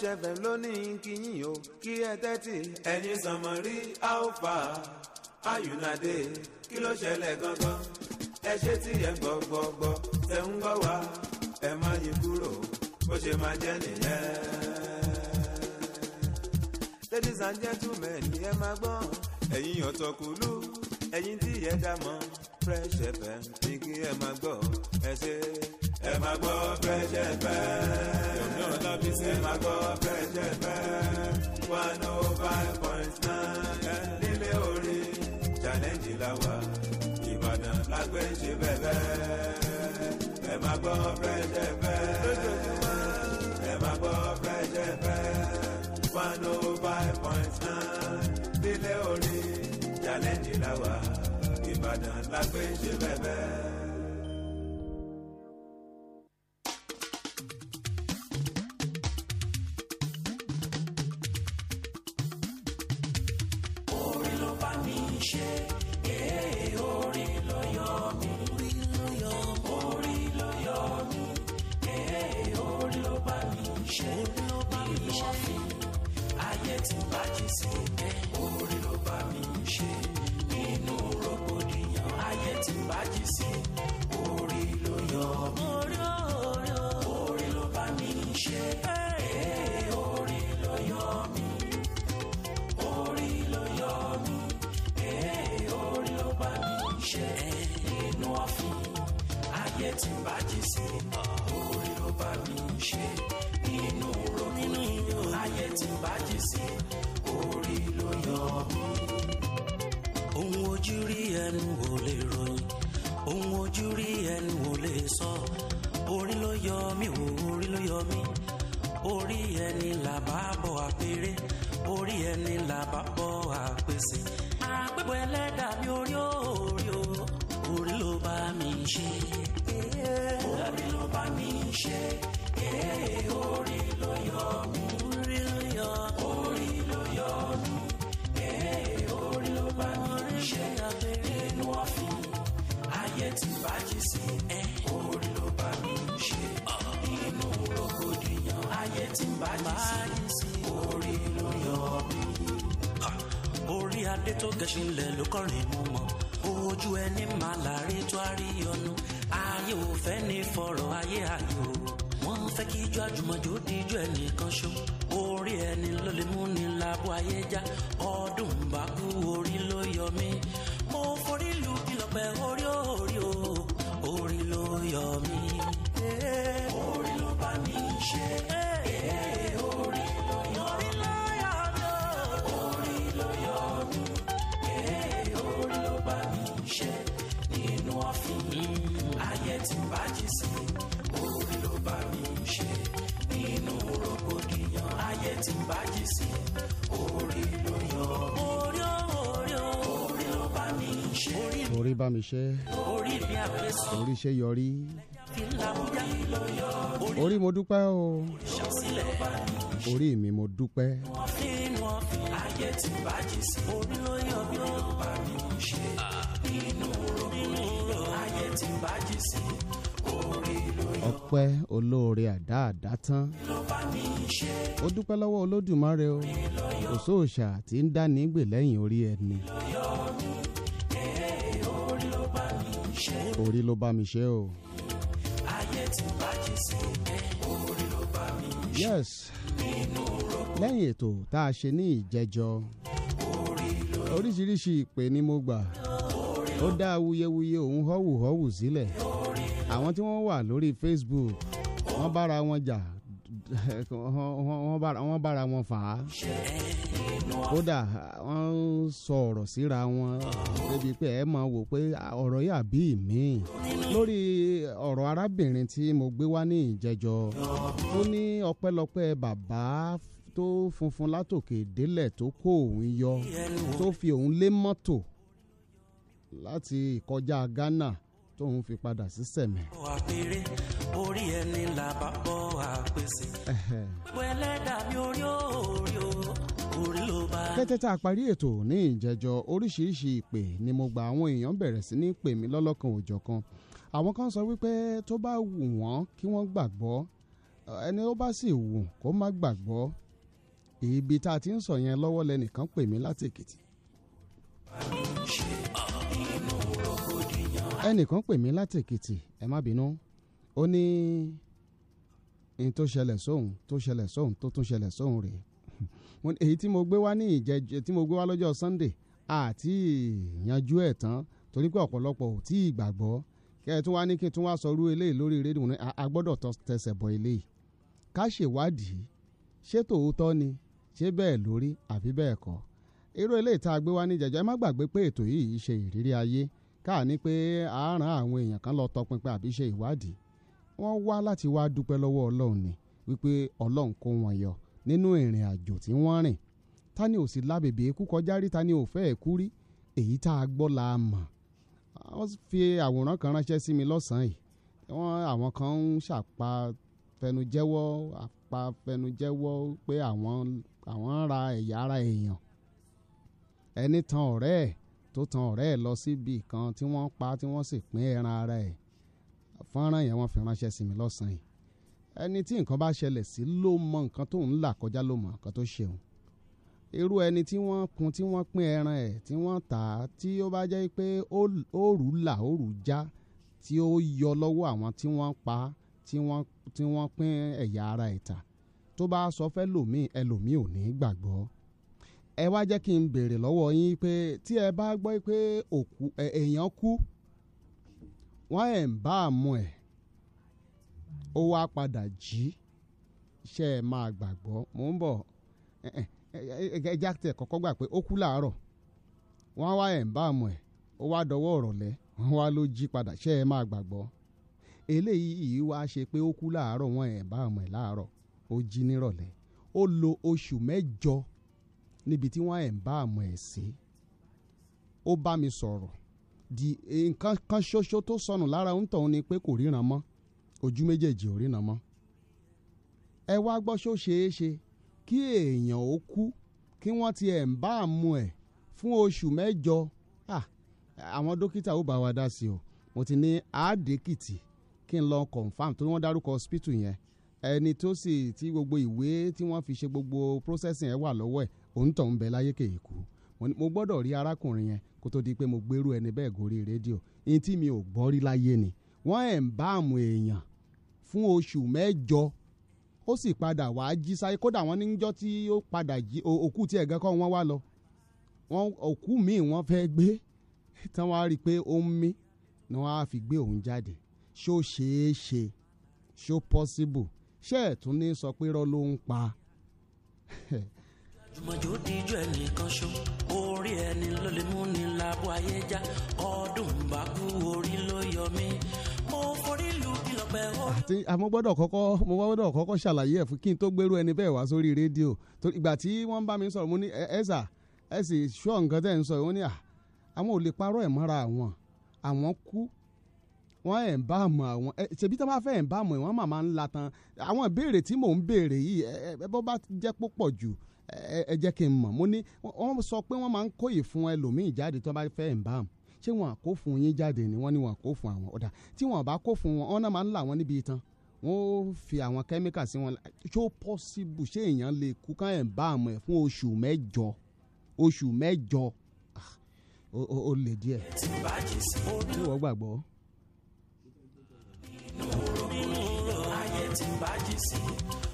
Fresh FM lónìí kìyìn o kí ẹ tẹ́tì. ẹ̀yin sọmọ rí alfa ayùnádé kí ló ṣẹlẹ̀ gangan ẹ ṣe tí ẹ gbọ́gbọ́gbọ́ ẹ ń gbọ́ wá ẹ má yí kúrò bó ṣe máa jẹ́ nìyẹn. ladies and gentlemen ni ẹ máa gbọ́n ẹ̀yin ọ̀tọ̀kùlú ẹ̀yin tí ẹ dá mọ́ Fresh FM ní kí ẹ máa gbọ́ ẹ ṣe é ẹ máa gbọ́ Fresh FM. ẹ máa gbọ́ Fresh oh FM. one oh five point nine. nílé orí challenge la wà Ìbàdàn la gbé ṣe bẹ̀bẹ̀. ẹ máa gbọ́ Fresh FM. ẹ máa gbọ́ Fresh FM. one oh five point nine. nílé orí challenge la wà Ìbàdàn la ṣe bẹ̀bẹ̀. ṣe ló bá mi ṣe ayé tí bájú sí ẹ orí ló bá mi ṣe nínú rògbòdìyàn ayé tí bájú sí orí ló yọ mí orí ló bá mi ṣe orí ló yọ mí orí ló yọ mí orí ló bá mi ṣe nínú ọ̀fìn ayé tí bájú sí orí ló bá mi ṣe. just see. láre tó gẹṣin lẹ̀ ló kọrin mú mọ́ ojú ẹni máa láre tó a rí ọnu ayé ò fẹ́ ní fọ̀rọ̀ ayé ayò wọ́n fẹ́ kí ijó àjùmọ̀jò díjọ́ ẹnìkan ṣó orí ẹni ló lè mú ni lábọ́ ayé já ọ orí bá mi ṣe orí ṣe yọrí orí mo dúpẹ́ o orí mi mo dúpẹ́ ayé ti bàjẹ́ sí. orí ló yàn bí ó bá mi ń ṣe. nínú oró ayé ti bàjẹ́ sí. orí ló yàn. ọpẹ́ tán. ó dúpẹ́ lọ́wọ́ olódùmarè o. kò sóòṣà tí ń dá nígbè lẹ́yìn orí ẹni. orí ló bá mi ṣe o. ayé ti bájì sí orí ló bá mi ṣe. yes lẹ́yìn ètò tá a ṣe ní ìjẹ́jọ́ oríṣiríṣi ìpè ni mo gbà ó dá awuyewuye òun họ́wùhọ́wù sílẹ̀ àwọn tí wọ́n wà lórí Facebook wọ́n bára wọn jà wọ́n bára wọn fà á kódà wọ́n sọ ọ̀rọ̀ síra wọn débi pé ẹ máa wò pé ọ̀rọ̀ yà bí mi lórí ọ̀rọ̀ arábìnrin tí mo gbé wá ní ìjẹjọ ó ní ọpẹ́lọpẹ́ bàbá tó funfun látòkè délẹ̀ tó kó òun yọ tó fi òun lé mọ́tò láti ìkọjá Ghana tóun fi padà sí sẹ̀mẹ̀. àpèrè orí ẹni làbá bọ́ àpèsè wẹ́lẹ́dà mi orí òòrí o orí ló bá. kété tá a parí ètò ní ìjẹjọ oríṣiríṣi ìpè ni mo gba àwọn èèyàn bẹ̀rẹ̀ sí ní pè mí lọ́lọ́kan òjọ̀kan àwọn kan sọ wípé tó bá wù wọ́n kí wọ́n gbàgbọ́ ẹni ó bá sì wù kó má gbàgbọ́ ibi tá a ti ń sọ yẹn lọ́wọ́ lẹ́nìkan pè mí láti Èkìtì ẹnìkan pè mí láti èkìtì ẹ má bínú ó ní n tó ṣẹlẹ̀ sóhun tó ṣẹlẹ̀ sóhun tó tún ṣẹlẹ̀ sóhun rèé èyí tí mo gbé wá ní ìjẹjẹ tí mo gbé wá lọ́jọ́ Sunday àti ìyanjú ẹ̀ tán torí pé ọ̀pọ̀lọpọ̀ ò tí ì gbàgbọ́ kẹ́ ẹ tún wá ní kí n tún wá sọrú eléyìí lórí rédíò ní agbọ́dọ̀ tẹsẹ̀ bọ eléyìí ká ṣèwádìí ṣé tòótọ́ ni ṣé bẹ́ẹ̀ lórí àbí bẹ́ẹ̀ kọ́ irú eléyìí tá a gbé wá ní ìjẹjọ ẹ má gbàgbé pé ètò yìí ṣe ìrírí ayé káà ní pé àárán àwọn èèyàn kan lọ tọpinpin àbí ṣe ìwádìí wọ́n wá láti wá dúpẹ́ lọ́wọ́ ọlọ́run ni wípé ọlọ́run kó wọn yọ nínú ìrìn àjò tí wọ́n rìn ta ni ò sì lábèbè ikú kọjá rí ta ni ò fẹ́ kú rí èyí tá a gbọ́ la mọ̀ wọ́n fi àwòrán kan ránṣẹ́ sí mi lọ́sàn-án yìí wọ́n àwọn kan ń ṣàpafẹnujẹ́wọ́ àpafẹnujẹ́wọ́ pé àwọn àwọn ra ẹ̀yà ara èèyàn ẹni tan ọ̀rẹ́ ẹ̀ tó tan ọ̀rẹ́ ẹ̀ lọ síbi kan tí wọ́n pa tí wọ́n sì pín ẹran ara ẹ̀ fọ́nrán yẹn wọ́n fi ránṣẹ́ sí mi lọ́sàn-án yìí ẹni tí nǹkan bá ṣẹlẹ̀ sí ló mọ nǹkan tó ń là kọjá ló mọ nǹkan tó ṣeun irú ẹni tí wọ́n kun tí wọ́n pín ẹran ẹ̀ tí wọ́n tà á tí ó bá jẹ́ pé ó là ó já tí ó yọ lọ́wọ́ àwọn tí wọ́n pa tí wọ́n pín ẹ̀yà ara ẹ̀ tà tó bá sọ fẹ́ lòmíì ẹlòmíì ò ní gbàgbọ́ ẹ wá jẹ́ kí n béèrè lọ́wọ́ yín pé tí ẹ bá gbọ́ pé òkú èèyàn kú wọ́n ẹ̀ ń bá àmú ẹ̀ ó wá padà jí ṣe é máa gbàgbọ́ mò ń bọ̀ ẹja tẹ kọ́kọ́ gbà pé ó kú làárọ̀ wọ́n wá ẹ̀ ń bá àmú ẹ̀ ó wá dọwọ́ ọ̀rọ̀lẹ́ wọ́n wá ló jí padà ṣe é máa gbàgbọ́ eléyìí wá ṣe pé ó kú làárọ̀ wọ́n ẹ̀ ń bá àmú ẹ̀ làárọ̀ ó jí nírọ̀lẹ́ ó lo oṣù mẹ́jọ níbi tí wọ́n ẹ̀ ń bá àmọ́ ẹ̀ sí ó bá mi sọ̀rọ̀ di nǹkan kan ṣoṣo tó sọnù lára ń tọ̀hún ni pé kò ríran mọ́ ojú méjèèjì ò ríran mọ́ ẹ wá gbọ́ ṣó ṣeé ṣe kí èèyàn ó kú kí wọ́n ti ẹ̀ ń bá àmú ẹ̀ fún oṣù mẹ́jọ àwọn dókítà ó bá wa dá sí o mo ti ní àádékìtì kí n lọ confam torí wọ́n dárúkọ hospital yẹn ẹni tó sì ti gbogbo ìwé tí wọ́n fi ṣe gbogbo processing ẹ̀ wà lọ́wọ́ ẹ̀ òun tọ̀ ń bẹ láyé kèé kú mo gbọ́dọ̀ rí arákùnrin yẹn kó tó di pé mo gbérú ẹni bẹ́ẹ̀ gorí rédíò ihun tí mi ò gbọ́ rí láyé ni wọ́n ẹ̀ ń bá àmù èèyàn fún oṣù mẹ́jọ ó sì padà wàá jí sáyé kódà wọ́n níjọ́ tí ó padà jí òkú tí ẹ̀gán kọ́ wọ́n wá lọ wọ́n òkú míì wọ́n fẹ́ gbé tán wá rí i pé ó ń mí ni wọ́n á fi gbé òun jáde ṣó ṣeé ṣe ṣó possible ṣé ẹ̀ tún ní sọ pé rọ́ ló ń pa mọ̀jọ́ díjú ẹnìkan ṣó orí ẹni ló lè mú ni lábọ́ ayé já ọdún bá kú orí ló yọ mí mo forí lu ìlọpẹ orí. àti àmọ́ gbọ́dọ̀ kọ́kọ́ mo gbọ́dọ̀ kọ́kọ́ ṣàlàyé ẹ̀ fún kí n tó gbérú ẹni bẹ́ẹ̀ wá sórí rédíò ìgbà tí wọ́n bá mi sọ̀rọ̀ mo ní ẹ̀sà ẹ̀ sì ṣọ́ nǹkan tẹ̀ ń sọ ìwọ́n ní à àwọn ò lè parọ́ ẹ̀ mọ́ra àwọn àwọn kú wọ́n ẹ̀ ń bá àmọ́ àwọn ẹ̀ ṣèbí tí wọ́n bá fẹ́ ẹ̀ ń bá àmọ́ ìwọ́n màmá ń la tan àwọn ìbéèrè tí mò ń béèrè yìí ẹ bọ́ bá jẹ́ púpọ̀ jù ẹ jẹ́ kí n mọ̀ mo ní wọ́n sọ pé wọ́n máa ń kóyè fún ẹlòmíì jáde tó bá fẹ́ embalm ṣé wọn àkó fún yín jáde ni wọ́n ní wọn àkó fún àwọn ọ̀dà tí wọn bá kó fún wọn wọn náà máa ń là wọn níbi itan wọn ó fi àwọn kẹ́míkà sí wọn ṣó pọ́síbù ṣé èèyàn lè kú ká embalm ẹ̀ fún oṣù mẹ́jọ oṣù mẹ́jọ ó lè díẹ̀ tí wọ́n gbàgbọ́ inú ọ̀rọ̀ ayé tí ń bájì sí i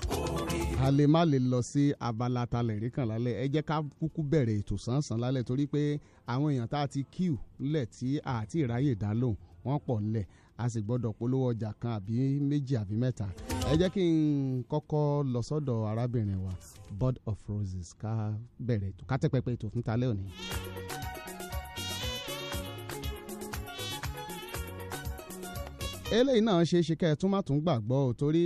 a lè má lè lọ sí abala talẹ̀ rí kan lálẹ́ ẹ jẹ́ ká kúkú bẹ̀rẹ̀ ètò sánsan lálẹ́ torí pé àwọn èèyàn tá a ti kíù lẹ̀ tí a ti dá lóhùn wọ́n pọ̀ lẹ̀ a sì gbọ́dọ̀ polówó ọjà kan àbí méjì àbí mẹ́ta ẹ jẹ́ kí n kọ́kọ́ lọ sọ́dọ̀ arábìnrin wa Bud of Roses ká bẹ̀rẹ̀ ètò ká tẹ́pẹ́pẹ́ ètò fún talẹ́ òní. eléyìí náà ṣeé ṣe kẹ́ ẹ tún má tún gbàgbọ́ ò torí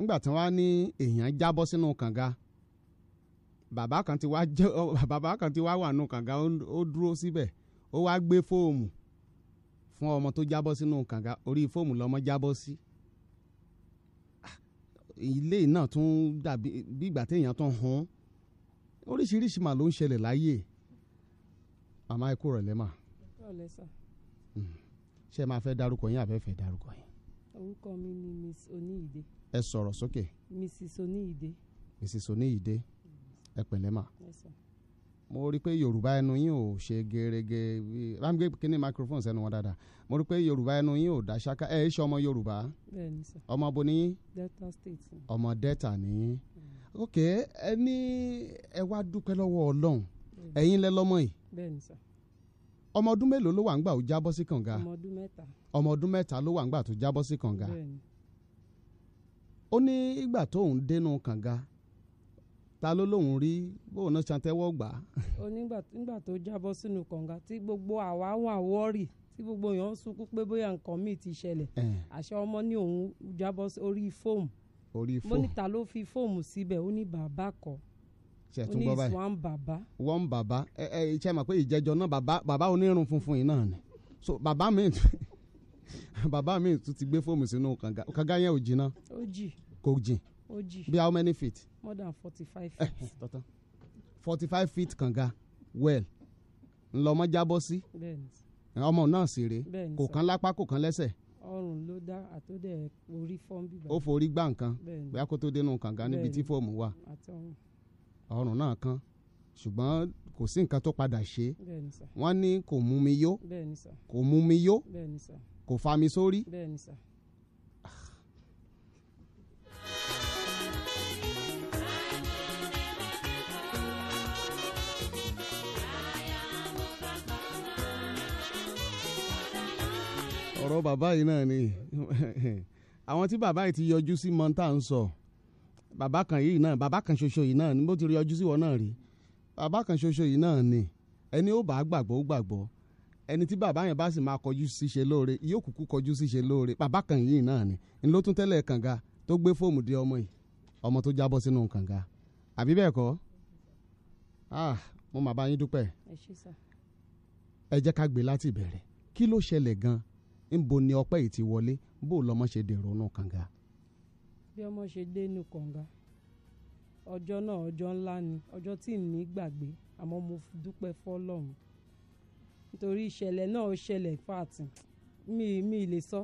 nígbà tí wọ́n á ní èèyàn jábọ́ sínú kànga bàbá kan ti wá jẹ́ bàbá kan ti wá wà nù kànga ó dúró síbẹ̀ ó wá gbé fóòmù fún ọmọ tó jábọ́ sínú kànga orí fóòmù lọ́mọ jábọ́ sí ilé náà tún dàbí bí ìgbà téèyàn tún hun oríṣiríṣi mà ló ń ṣẹlẹ̀ láyé màmá ẹ kú rọ̀lẹ́ mà. Hmm. ṣé máa fẹ́ darúkọ yín àbẹ́fẹ́ darúkọ yín. orúkọ mi ni miss oníyìde ẹ sọ̀rọ̀ sókè. mrs oníyìíde. mrs oníyìíde ẹ pẹ̀lẹ́ mà. mo rí i pé yorùbá ẹnu yín ò ṣe gerege ramge kíní microphone sẹ́nu wọn dáadáa mo rí i pé yorùbá ẹnu yín ò dá ṣáká ẹ ṣe ọmọ yorùbá. bẹ́ẹ̀ni sọ. ọmọ bo ni yín. delta state. ọmọ delta ni yín. Mm. ok ẹ ní ẹ wá dúpẹ́ lọ́wọ́ ọlọ́run ẹ̀yin lẹ lọ́mọ yìí. bẹ́ẹ̀ni sọ ọmọ ọdún mélòó ló wà ń gbà ó jábọ́ sí kànga ọmọ ọdún mẹ́ta ló wà ń gbà tó jábọ́ sí kànga ó ní ìgbà tóun dénú kànga ta ló lóun rí bóun náà ṣàtẹ́wọ́ gbà á. ó nígbà tó jábọ́ sínú kànga tí gbogbo àwa wà wọ́ọ̀rì tí gbogbo èèyàn ń sunkún pé bóyá nǹkan míì ti ṣẹlẹ̀ àṣẹ ọmọ ní òun jábọ́ orí fóòmù orí fóòmù mọ́nítà ló fi fóòmù síbẹ̀ ó ní bàbá kọ́ ṣẹtún gbọ́ báyìí bàbá wọ́n bàbá ẹ ẹ ṣe mọ̀ pé ìjẹ́jọ́ náà bàbá onírun funfun yìí náà ni so bàbá mi Baba, mi tún ti gbé fóòmù sínú kànga kànga yẹn ò jìnnà. ó jì. kò jìn. ó jì. bí how many feet. more than forty five eh, feet. tọ́tán forty five feet kànga well ńlọmọ jábọ́ sí. ọmọ náà sì rèé kò kan lápá kò kan lẹ́sẹ̀ ọrùn ló dá àtọ́dẹ̀ orí fọ́n bíbá. ó forí gbá nǹkan bóyá kó tó dénú kànga níbi tí fóòmù wà ọrùn náà kan ṣùgbọ́n kò sí nǹkan tó padà ṣe wọ́n ní kò mú mi yó kò mú mi yó kò fa mi sórí. bẹ́ẹ̀ni sà. ọ̀rọ̀ bàbá yìí náà ni àwọn tí bàbá yìí ti yọjú sí mọ́ńtà ń sọ bàbá kan yìí náà bàbá kan ṣoṣo yìí náà ni bó ti yọjú sí wọn náà rí bàbá kan ṣoṣo yìí náà ni ẹni ó bá gbàgbọ́ ó gbàgbọ́ ẹni tí bàbá yẹn bá sì máa kọjú síṣe lóore yóò kúkú kọjú síṣe lóore bàbá kan yìí náà ni ń ló tún tẹ́lẹ̀ kànga tó gbé fóòmù dé ọmọ yìí ọmọ tó jábọ́ sínú kànga àbí bẹ́ẹ̀ kọ́ ah mo mà bá yín dúpẹ́ ẹ jẹ́ ká gbé láti ìbẹ̀rẹ̀ kí ló ṣẹlẹ̀ gan-an níbo ni ọpẹ́ yìí ti wọlé bó lọmọ ṣe dèrò inú kànga. bí ọmọ ṣe dé inú kànga ọjọ́ náà ọjọ́ ńlá ni ọjọ́ tí ì ní gbàgbé àmọ́ mo dúpẹ́ fọ́lọ́run nítorí ìṣẹ̀lẹ̀ náà ó ṣẹlẹ̀ fàtì mi mi lè sọ.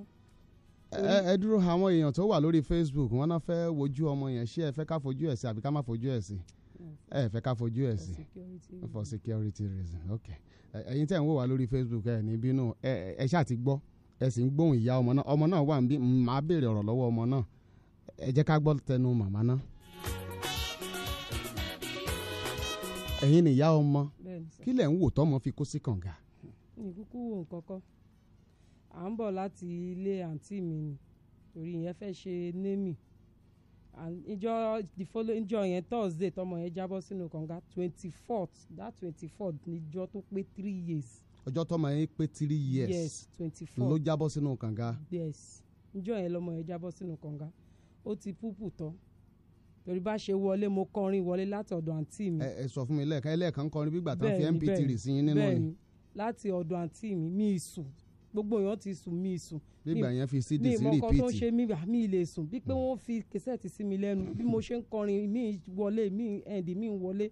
ẹ dúró àwọn èèyàn tó wà lórí Facebook wọn náà fẹ́ wojú ọmọ yẹn ṣé ẹ fẹ́ ká fojú ẹ̀ sí àbí ká má fojú ẹ̀ sí ẹ fẹ́ ká fojú ẹ̀ sí for security reason ok ẹ̀yin tẹ̀ ń wò wá lórí Facebook ẹ̀ ní bínú ẹ ṣáà ti gbọ́ ẹ sì ń gbóhùn ìyá ọmọ náà ọmọ náà wà níbí màá béèrè ọ̀rọ̀ lọ́wọ́ ọmọ náà ẹ jẹ́ ká gbọ́ tẹnu màmá náà. ẹ̀yin nìyá ọmọ kí lẹ̀ ń wò tọ́mọ fi kó sí kànga ní kúkú wò nǹkan kan à ń bọ̀ láti ilé àǹtí mi ni torí yẹn fẹ́ ṣe némì ìjọ ìfọlọ ìjọ yẹn thursday tọmọ yẹn jábọ́ sínú kànga twenty fourth that twenty fourth ni níjọ tó pé three years. ọjọ́ tọmọ yẹn pé three years yes twenty fourth. ló jábọ́ sínú kànga. yes ìjọ yẹn lọmọ yẹn jábọ́ sínú kànga ó ti púpù tán torí bá ṣe wọlé mo kọrin wọlé láti ọ̀dọ̀ àǹtí mi. ẹ ẹ sọ fún mi lẹ́ẹ̀kan ẹlẹ́ẹ̀kan kọrin bí gbàtàn fi mp3 sí yín nínú ni. bẹ́ẹ̀ni bẹ́ẹ̀ni láti ọ̀dọ̀ àǹtí mi mi sùn gbogbo èèyàn ti sùn mi sùn. nígbà yẹn fi sídìí sí rìpíìtì mi ìmọ̀kàn tó ń ṣe mi wà mí lè sùn bí pé hmm. wọ́n fi kẹsẹ́ẹ̀tì sí mi lẹ́nu bí mo ṣe ń kọrin mi wọlé mi ẹ̀ǹdì mi wọlé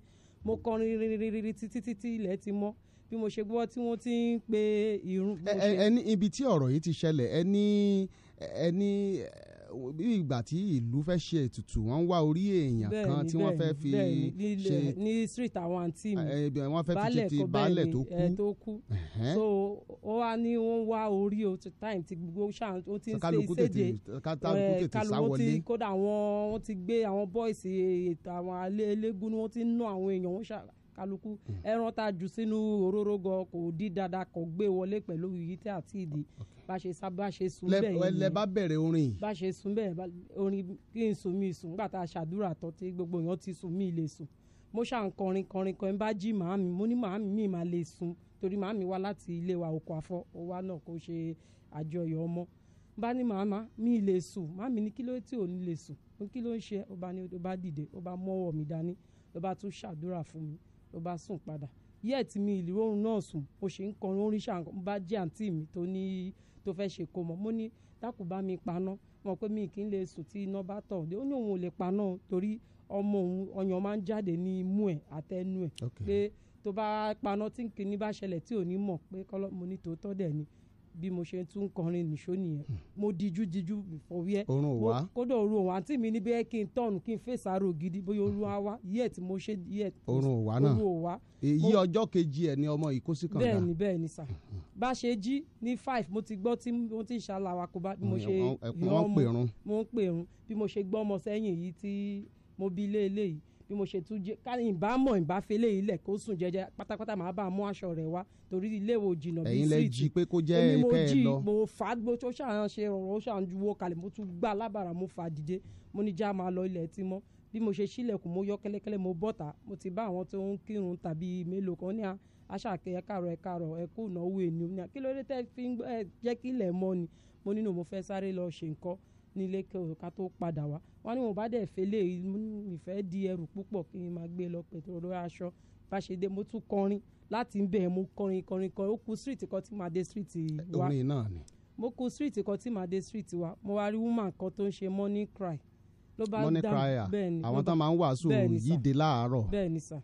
mo kọrin rírírírí títí títí ilẹ̀ ti mọ́ bí mo ṣe gbọ́ tí wọ́n ti ń pe irun. ẹ ibi tí ọ̀rọ̀ yìí ti ṣẹlẹ̀ ẹ ní bí ìgbà tí ìlú fẹ́ ṣe ètùtù wọ́n ń wá orí èèyàn kan tí wọ́n fẹ́ fi ṣe ní street àwọn àǹtí mi wọ́n fẹ́ fi ṣe ti baálẹ̀ tó kú so ó wá ní wọ́n wá orí o ti time ti gbogbo ṣáà ó ti ń ṣe ìṣèjì kálukú ti kódà wọ́n ti gbé àwọn bọ́ìsì ètò àwọn eléégún ni wọ́n ti ń ná àwọn èèyàn wọ́n ṣàrà kálukú ẹran tá a jù sínú òróró gan kò di dáadáa kò gbé wọlé pẹ̀lú yìí tí àti ìdí bá ṣe sá bá ṣe sùn bẹ́ẹ̀ yìí lẹ bá bẹ̀rẹ̀ orin bá ṣe sùn bẹ́ẹ̀ orin kí n sùn mí sùn nígbà tá a ṣàdúrà tán tí gbogbo èèyàn ti sùn mí lè sùn mo ṣàn kọrin kọrin kan bá jí màámi mo ní màámi mi máa lè sùn torí màámi wá láti ilé wa òkò àfọ ó wá náà kó ṣe àjọyọ̀ ọmọ bá ní màmá mi lè sùn màmí ní kí ló tí ò ní lè sùn kí ló ń ṣe ó bá dìde ó bá mọ́wọ́ mi dání ló bá tún ṣàdúrà fún mi ló bá sùn padà yẹ́ ti mi ìlú oorun náà sùn mo ṣe ń kọrin orin ṣàǹkọ́ mo bá jí àǹtí mi tó ní tó fẹ́ ṣe kó mọ́ mo ní dákun bá mi paná wọn pé mi kì í lè sùn tí iná bá tàn ó ní òun ò lè paná torí ọmọ òun ọyàn máa ń jáde ní imú ẹ̀ àtẹnu ẹ̀ pé tó bá paná tí kìíní bá ṣẹlẹ̀ tí ò ní mọ̀ pé kọ́lọ́ mo ní tòótọ́ dẹ̀ ni bí mo ṣe tún kọrin nìṣó nìyẹn hmm. mo dijú dijú fọwíẹ orun wa kódà orun wa àǹtí mi ní bẹ́ẹ̀ kí n tọ̀nù kí n fèsì àrò gidi bóyá orun wa wá yẹ tí mo ṣe yẹ orun wa náà orun wa. èyí ọjọ́ kejì ẹ̀ ni ọmọ ìkósí kan dà bẹ́ẹ̀ ni sà hmm, hmm. bá ṣe jí ní five mo ti gbọ́ tí mo ti ṣàlàwà kó bá bí mo ṣe yọ ọmọ mo ń pè run bí mo ṣe gbọ́ ọmọ sẹ́yìn yìí tí mo bí ilé eléyìí bí mo ṣe tún jẹ ká ìbá mọ̀ ìbá fele ilẹ̀ kó sùn jẹ́jẹ́ pátápátá màá bá mú aṣọ rẹ̀ wá torí ilé wo jìnnà bí síìtì ẹ̀yin lẹ jí pé mo fà á gbó tó ṣàn ṣe rọrùn ó ṣàn ju wo kalẹ̀ mo tún gbá alábàárà mo fà á dìde mo ní já máa lọ ilẹ̀ tí mọ́ bí mo ṣe ṣílẹ̀kùn mo yọ kẹ́lẹ́kẹ́lẹ́ mo bọ́ta mo ti bá àwọn tó ń kírun tàbí mélòó kan ní aṣáàkẹ́ ẹ káàárọ̀ ẹ káàárọ̀ ẹ kú ìnáwó ènìyàn kí ló dé tẹ́ fi ń jẹ́ kí ilẹ̀ mọ́ ni mo nínú mo fẹ́ sáré lọ ṣe nǹkan nílé ká tó padà wá wọn ní wọn bá dẹ̀ fẹ́lẹ́ ìfẹ́ di ẹrù púpọ̀ kí n máa gbé lọ pẹ̀tọ́ aṣọ bá ṣe dé mo tún kọrin láti ń bẹ̀ mo kọrin kọrin kọrin ó kù street kan tí màá dé street wa orin náà ni mo kù street kan tí màá dé street wa mo wá rí woman kan tó ń ṣe morning cry ló bá dáhùn bẹ́ẹ̀ ni àwọn tó máa ń wàásù yíde láàárọ̀ bẹ́ẹ̀ ni sà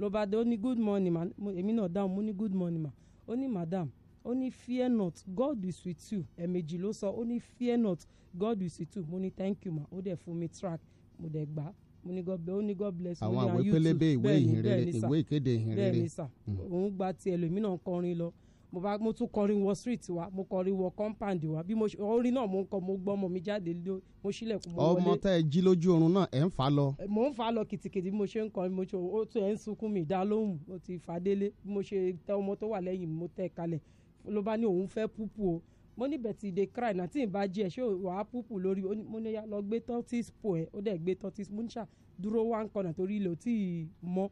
ló bá dé ó ní good morning ma èmi náà dáhùn mo ní good morning ma ó ní madam ó ní fear not God is with you ẹ̀ẹ̀mejì ló sọ ó ní fear not God is with you mo ní thank you ma ó dẹ̀ fún mi track mo dẹ̀ gbà á mo ní god bless ó ní god bless àwọn àwé pélébé ìwé ìhìnrere ìwé ìkéde ìhìnrere bẹ́ẹ̀ ni sà hmm. òun gba tiẹ̀ lèmi náà kọrin lọ mo bá mo tún kọrin wọ street wa mo kọrin wọ compound wa bí mo ṣe orin náà mo ń kọ mo gbọ́ ọmọ mi jáde ló mo ṣílẹ̀kùn mo wọlé. ọmọ tá ẹ jí lójú oorun náà ẹ ń fà á lọ. mo ń fà á lọ kìtìkìtì bí mo ṣe ń kọrin mo ṣe ó tún ẹ ń sunkún mi dá lóhùn ó ti fà á délé bí mo ṣe tẹ ọmọ tó wà lẹ́yìn mo tẹ̀ kalẹ̀ ló bá ní òun fẹ́ púpù o mo ní bẹ̀tì dey cry náà tí n bá jí ẹ̀ ṣé wàá púpù lórí mo ní lọ gbé tortis po ẹ̀ ó dẹ̀ gbé tortis mo ní ṣà dúró wá ń kọ̀nà torí ilẹ̀ ò tí ì mọ́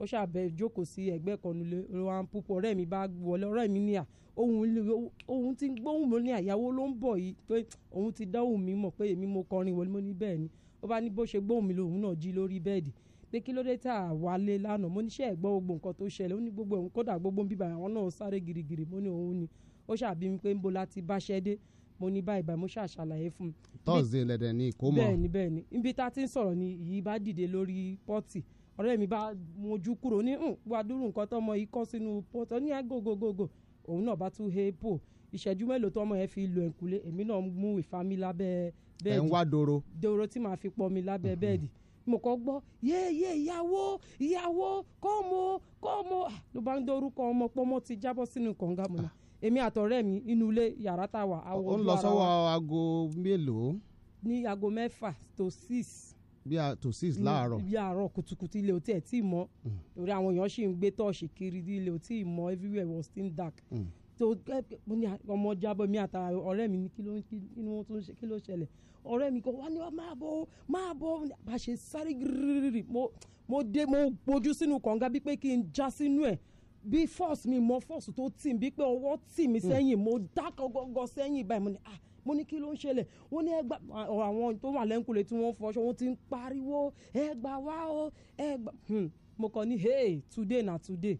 ó ṣàbẹ̀ jókòó sí ẹ̀gbẹ́ kan ló wá ń púpù ọ̀rẹ́ mi bá wọlé ọ̀rẹ́ mi ní à ohun tí gbóhùn mo ní àyàwó ló ń bọ̀ yìí pé òun ti dáhùn mi mọ̀ pé èmi mo kọrin wọlé mo ní bẹ́ẹ̀ ni ó bá ní bó ṣe gbóhùn mi lòun náà jí lórí bẹ́ẹ̀dì pé kí ló dé tá a wálé lánàá mo níṣẹ́ ẹ̀gbọ́ gbogbo nǹkan tó ṣẹlẹ̀ ó ní gbogbo òun kódà gbogbo ń bíbá àwọn náà sáré girigiri mo ní òun ni ó ṣàbí mi pé ń bo láti báṣẹ́ dé mo ní báyìí báyìí mo ṣàṣàlàyé fún un. thursday lẹ́dẹ̀ ni ìkómọ. bẹ́ẹ̀ni bẹ́ẹ̀ni ibi tá a ti ń sọ̀rọ̀ ni yìí bá dìde lórí pọ́ọ̀tì ọ̀rẹ́ mi bá mojú kúrò ní wàdúrú nǹkan tọmọ yìí kọ́ sínú pọ́ọ̀tì ní àgògògògò òun náà bá tún hé pò ìṣẹ́jú mélòó tọmọ yẹn fi lo ẹ̀kúlé èmi náà mú ìfami lábẹ́ bẹ́ẹ̀dì. ẹ̀ ń wá doro. doro tí màá fi pọ̀ mi lábẹ́ bẹ́ẹ̀dì mo kàn gbọ́ yéèyé ìyàwó ìyàwó kọ́mọ kọ́mọ ah, ló bá ń dorúkọ ọmọ pọ́mọ ti jábọ́ sínú kànga mọ́nà ah. èmi àtọ̀rẹ́ mi inú ilé yàrá tá a wà. ó ń lọ sọ́wọ́ aago mélòó. ní aago mẹ́fà tó six bí a tó six láàárọ̀. bí àárọ̀ kùtùkùtù ilé òtí ẹ̀ tí ì mọ́ hmm. torí àwọn èèyàn ṣì ń gbé tọ́ọ̀ṣì kiri ilé òtí ì mọ́ everywhere was still dark. Hmm. tó ọmọ jábọ̀ mi àtàwọn ọ̀rẹ́ mi ní kí ló ń ṣẹlẹ̀ ọ̀rẹ́ mi kan wá ní máa bọ́ máa bọ́ bá ṣe sáré gírígírí mo dé mo gbójú sínú kànga bí pé kí n já sínú ẹ̀ bí force mi mọ force tó tì mí pé ọwọ́ tì mí hmm. sẹ́yìn mo dákọ̀ gọ́gọ́ sẹ́yìn báyìí mo ní ah mo ní kí ló ń ṣẹlẹ̀ ó ní ẹgbà àwọn tó wà lẹ́ńkulè tí wọ́n fọṣọ wọ́n ti ń pariwo ẹgbà wá o ẹgbà hmm, mo kàn ní hey today na today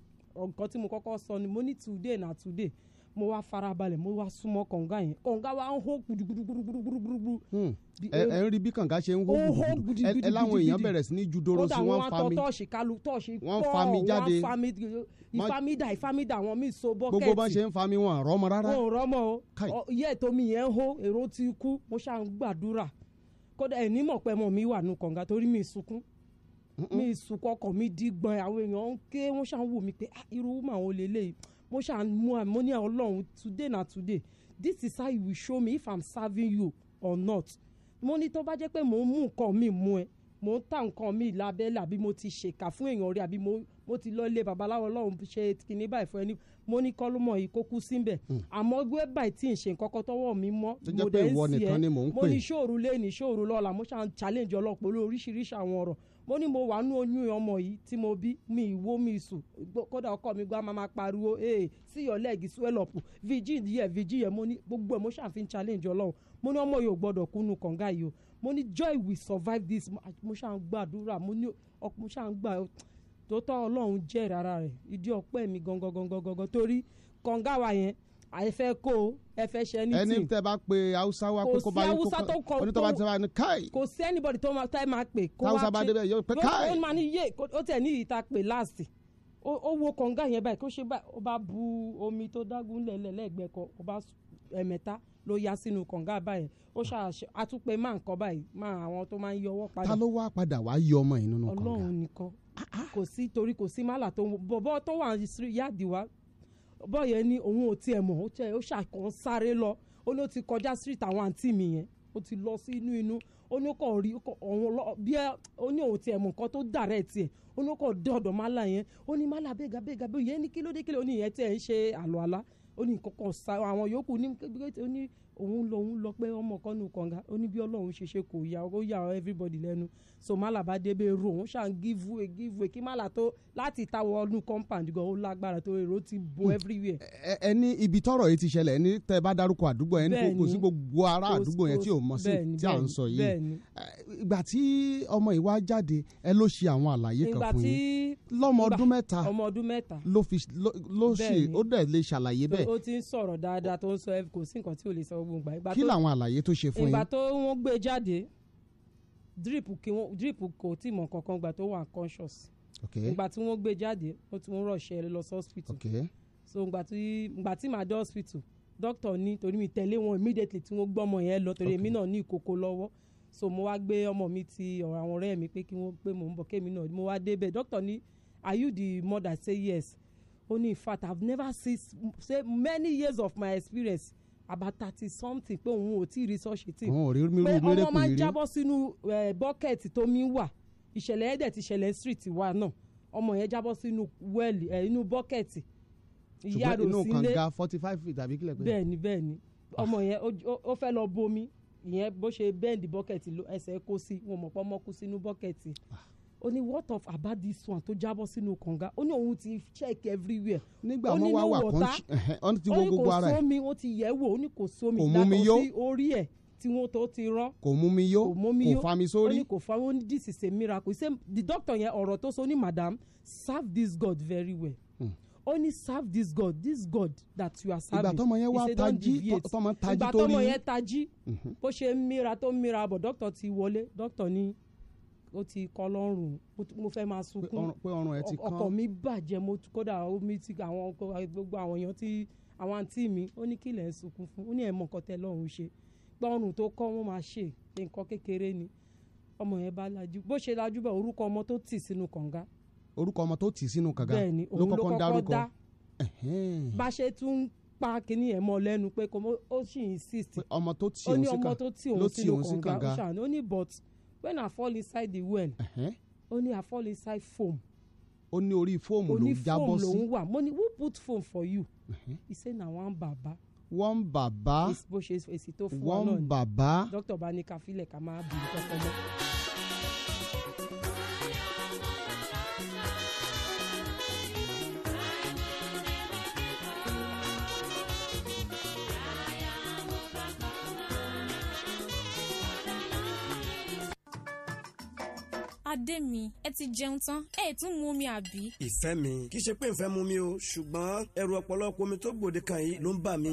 nǹkan tí mo kọ́kọ́ sọ ni mo ní today na today mo wá farabalẹ̀ mo wá súnmọ́ kànga yẹn kànga wa ń hó gudugudugudugudugudu. ẹ ń rí bí kànga ṣe ń hó gudugudu ẹ láwọn èèyàn bẹ̀rẹ̀ sí ní ju doro sí wọ́n fa mi wọ́n fa mi jáde ìfamida ìfamida àwọn míì so bọ́kẹ́ẹ̀tì gbogbo bá ṣe ń fa mi wọn rọmọ rárá. wọn rọmọ o iye ètò mi yẹn ń hó èrò ti kú mo ṣáà ń gbàdúrà kódà ẹ̀ nímọ̀ pé ọmọ mi wà nù kànga torí mi sunkún mi sunkún ọkọ̀ mi dí àwọn èèyàn ń ké wọ́n ṣáà ń wò mí pé irú màwọn lélẹ́yìí mo ṣáà mú àmọ́ ní ọlọ́run today na today this is how you will show me if i'm serving you or not mo ní tó bá jẹ́ pé mò ń mú nǹkan mi mú ẹ mò ń ta nǹkan mi lábẹ́lẹ̀ àbí mo ti ṣèkà fún èèyàn rí àbí mo ti lọ ilé babaláwo ọlọ́run ṣe kìnní báyìí fún ẹni mo ní kọ́ ló mọ̀ yìí kó kú síbẹ̀ hmm. àmọ́ wẹ́ báyìí tí ń ṣe nǹkan kan mi mọ́ mo dẹ̀ ń sí ẹ mo ní ṣòru lé ní ṣòru lọ́la mo ṣàn challenge ọlọ́pọ̀ lórí oríṣiríṣi àwọn ọ̀rọ̀ mo ní mo wà nú oyún ọmọ yìí tí mo bí mi ìwó mi ìsù kódà ọkọ mi gbá máa pariwo ee sí your leg swell up virgin yẹ virgin yẹ mo ní gbogbo ẹ mo ṣàfihàn challenge ọlọ́run mo ní ọmọ yìí ò gbọdọ̀ kúnnu kànga yìí o mo ní joy we survive this mo ṣàn gbàdúrà mo ní mo ṣàn gbà tó tọ́ ọlọ́run jẹ́ rárá rẹ̀ ìdí ọpẹ́ mi gangan gangan gangan torí kànga wa yẹn ẹ fẹ́ kó o ẹ fẹ́ ṣe anything. ẹni tẹ bá pe hausa wa kó kó bá yín kó kó kò sí hausa bá ní káì. kò sí anybody tó máa tẹ́ máa pè. hausa bá débẹ̀ yóò pé káì. ó máa ní yé ó tẹ̀ ní ìta pè last ó wo kànga yẹn báyìí kó ṣe báyìí ó bá bu omi tó dágún lẹ̀lẹ̀ lẹ́gbẹ̀ẹ́ kan ó bá ẹ̀mẹ́ta ló ya sínú kànga báyìí ó ṣàṣe àtúpẹ́ máa ń kọ́ báyìí máa àwọn tó máa ń yọ ọwọ́ padà. ta ló wá padà wá yọ ọmọ yìí nínú kànga. ọlọ́run nìkan kò sí torí kò sí málà tó bọ̀bọ̀ tó wà yáàdì wa bọ́ọ̀yẹn ní òun ò tiẹ̀ mọ̀ ó tiẹ̀ ó ṣàkàn sáré lọ ó ló ti kọjá street àwọn àǹtí mi yẹn ó ti lọ sí inú inú ó ní kò rí ọ̀hún lọ bí ẹ ó ní òun tiẹ̀ mọ̀ nǹkan tó dàrẹ́ tiẹ̀ ó ní kò dé ọ̀dọ̀ mọ́là yẹn ó ní mọ́là bẹ́ẹ̀ga bẹ́ẹ̀ga bẹ́ẹ̀ yẹn ní kílódé kílódé ó ní ìyẹn tiẹ̀ ń ṣe àlọ́ àlá ó ní nǹkan kan àwọn yòókù ní òun lòun lọ pé ọmọ kan nù kànga ó ní bí ọlọ́run ṣe ṣe kò yà ó yà everybody lẹ́nu so mala bá débè ro òun ṣàn give way give way kí mala tó láti ìtawọ̀ ọdún compound gan ó lágbára tó èrò ti bo hmm. everywhere. ẹ ibi tọ́rọ̀ yìí ti ṣẹlẹ̀ ẹni tẹ bá darúkọ àdúgbò yẹn kò sí gbogbo ará àdúgbò yẹn tí ò mọ̀ sí tí à ń sọ yìí ìgbà tí ọmọ ìwà jáde ẹ ló ṣe àwọn àlàyé kan fún yín lọ́mọ ọdún mẹ́ta ọmọ ọdún mẹ́ta ló ṣe ó dẹ̀ lè ṣàlàyé bẹ́ẹ̀. ó ti ń sọ̀rọ̀ dáadáa tó ń sọ kò sí nǹkan tí ò lè sọ gbogbo ìgbà. kí làwọn àlàyé tó ṣe fún yín. ìgbà tó wọ́n gbé jáde drip kí wọ́n drip kò tí mọ̀ kankan ìgbà tó wà conscious. okay ìgbà tí wọ́n gbé jáde wọ́n ti wọ́n rọ̀ṣẹ́ lọ sí hospital. okay so ìgbà tí ìgbà tí màá dé hospital doctor ní torí mi tẹ̀lé wọn immediately tí wọ́n gbọ́mọ yẹn lọ torí èmi náà ní ìkókó lọ́wọ́ so mo wá gbé ọmọ mi ti ọ̀rọ̀ àwọn ọ̀rẹ́ mi pé kí wọ́n pé mò ń bọ̀ kémi náà mo wá débẹ̀ doctor ní are you the mother say yes ó in fact i've never seen say many years of my experience about thirty something pé òun ò tí ì research tí pé ọmọ máa ń jábọ́ sínú bucket tó mi wà ìṣẹ̀lẹ̀ ẹ̀dẹ̀ ti ṣẹlẹ̀ street wa náà ọmọ yẹn jábọ́ sínú well inú bucket ìyá rò sílé ṣùgbọ́n inú kànga forty five feet àbí kílẹ̀ pé. bẹ́ẹ̀ni bẹ́ẹ̀ni ọmọ yẹn ó fẹ́ lọ bomi ìyẹn bó ṣe bend bucket ẹsẹ̀ kó sí wọn mọ̀ pé ọmọ kú sínú bucket. Ah ó ní what of about this one tó jábọ́ sínú kànga ó ní òun ti check everywhere nígbà wọn wá wà kàn ó ní ti wo gbogbo ara ẹ̀ ó ní kò sómi ó ti yẹ̀ wò ó ní kò sómi ìdàgbọ́ sí orí ẹ̀ tí wọn tó ti rán. kò mú mi yó kò fa mi sórí. ó ní kò fa ó ní this is a miracle say the doctor yẹn ọ̀rọ̀ tó sọ ní madam serve this God very well. Only hmm. serve this God this God that you are serving. ìgbà tọmọ yẹn wá tají tọmọ tají tó rí. ìgbà tọmọ yẹn tají hmm. bó ṣe ń mira tó ń mira bọ̀ dókítà ti wọlé dókítà ní ó ti kọ́ lọ́rùn mo fẹ́ máa sunkún pé ọrùn ẹ ti kán ọkọ mi bàjẹ́ mo kódà omi ti àwọn gbogbo àwọn èèyàn tí àwọn àǹtí mi ó ní kí ilẹ̀ ń sunkún fún ó ní ẹ̀mọ́ nǹkan tẹ́ lọ́rùn ṣe pé ọrùn tó kọ́ wọ́n máa ṣe nǹkan kékeré ni ọmọ yẹn bá lajú bó ṣe lajú bẹ́ẹ̀ orúkọ ọmọ tó tì sínú kànga. orúkọ ọmọ tó tì sínú kànga bẹ́ẹ̀ ni òun ló kọ́kọ́ dá bá ṣe tún pa kínní ẹ̀ mọ́ lẹ́nu pé ó sì insist. ọmọ tó tì òun sí kànga ó ní ọmọ tó tì òun sínú kànga ó ṣàánú ó ní but when I fall inside the well ó ní I fall inside foam ó ní orí fóòmù ló ń jábọ́ sí. ó ní fóòmù lòún wà mo ní who put phone for you. he say na one baba. one baba. bó ṣe èsì tó fún wa náà ni one baba. dókítà bá ní ká filẹ̀ ká máa bì í kọ́kọ́ mọ́. adé mi ẹ ti jẹun tán ẹ tún mu omi àbí. ìfẹ́ mi kì í ṣe pé ìfẹ́ mu mi o ṣùgbọ́n ẹrù ọ̀pọ̀lọpọ̀ omi tó gbòde kan yìí ló ń bà mí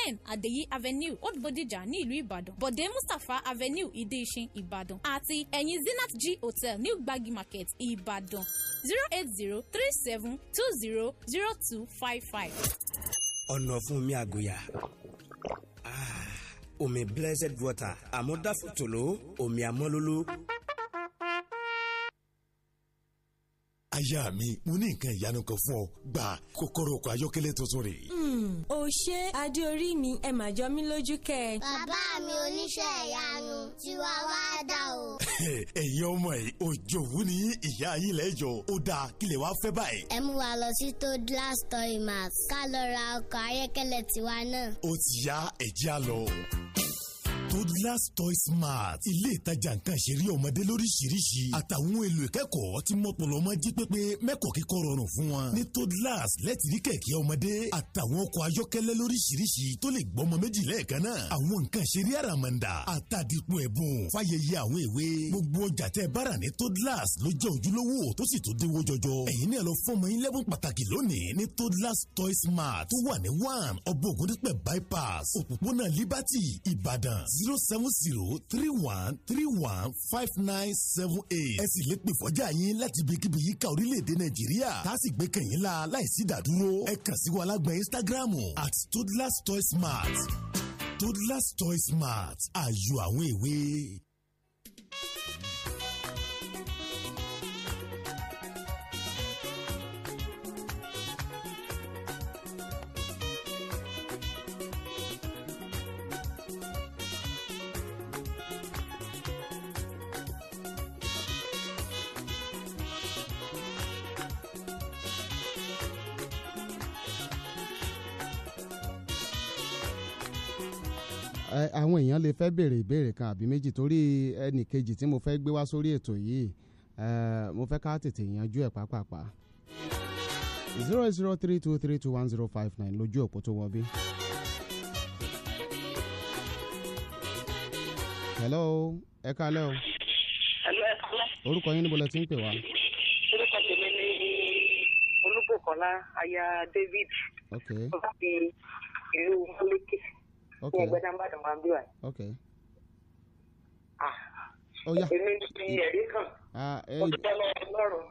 Name Adeyi Avenue Old Bodija ní ìlú Ìbàdàn Bọ̀dé Mustapha Avenue Ìdí-Ìṣin Ìbàdàn àti ẹ̀yìn Zenith G Hotel New Gbagi Market Ìbàdàn zero eight zero three seven two zero zero two five five. ọ̀nà fún mi àgùyà ah, omi blessed water àmúdáfòtòló omi àmọ́lóló. aya mi mo ní nǹkan ìyanu kan fún ọ gba kọ́kọ́rọ́ ọkọ̀ ayọ́kẹ́lẹ́ tuntun rè. Hmm, o ṣé adéorí mi ẹ mà jọ mí lójú kẹ. bàbá mi oníṣẹ́ ìyanu tí wàá wá dà o. ẹ̀yin ọmọ ẹ̀ òjòwú ni ìyá yín lẹ́jọ́ ó dáa kí lè wá fẹ́ báyìí. ẹ mú wa lọ sí tó glass toy mart ká lọ ra ọkọ̀ ayọ́kẹ́lẹ́ tiwa náà. ó ti yá ẹ̀jẹ̀ á lọ toddlers toy smart ilé ìtajà nǹkan ṣeré ọmọdé lóríṣiríṣi àtàwọn èlò ìkẹ́kọ̀ọ́ tí mọ̀pọ̀lọ́ máa jí pépé mẹ́kọ̀ọ́ kíkọ́ rọrùn fún wọn ní toddlers lẹ́tìrí kẹ̀kẹ́ ọmọdé àtàwọn ọkọ̀ ayọ́kẹ́lẹ́ lóríṣiríṣi tó lè gbọ́mọ méjì lẹ́ẹ̀kan náà àwọn nǹkan ṣeré àràmàǹdà àtàdìpọ̀ ẹ̀bùn fàyẹyẹ àwọn èwe gbogbo ọjà tẹ bára ní toddlers ló jẹ́ ojúlówó tó sì tó déwó jọjọ ẹ̀yin náà lọ fọmọ yín toy smart tó one ọbọ̀ ògùndípẹ̀ bypass òpópónà liberty ìbàdàn zero seven zero three one three one five nine seven eight. ẹ sì lè pè fọ́jà yín láti ibikíbi yíká orílẹ̀-èdè nàìjíríà tá a sì gbé kẹ̀yìn la láìsí ìdádúró. ẹ kàn sí wa lágbà instagram at toddlers toy smart toddlers toy smart àyò àwọn èwe. àwọn èèyàn lè fẹ́ béèrè ìbéèrè kan àbí méjì torí ẹnì kejì tí mo fẹ́ gbé wá sórí ètò yìí mo fẹ́ ká tètè yanjú ẹ̀ pàápàá zero zero three two three two one zero five nine lójú òpó tó wọ bí. hello ẹ kálẹ́ o. hello ẹ kálẹ́. orúkọ yín níbo lẹ ti ń pè wá. orúkọ tèmi ni olúbòkọ́lá aya David. ok. ọba mi ìlú mọ́lẹ́kẹ́ okay. ẹgbẹ́ nọ́mbà tó máa bí wa. okay. ah ọ̀ya oh, èmi ti ẹ̀rí kan ah, eh. mo ti tẹ́lẹ̀ ọlọ́run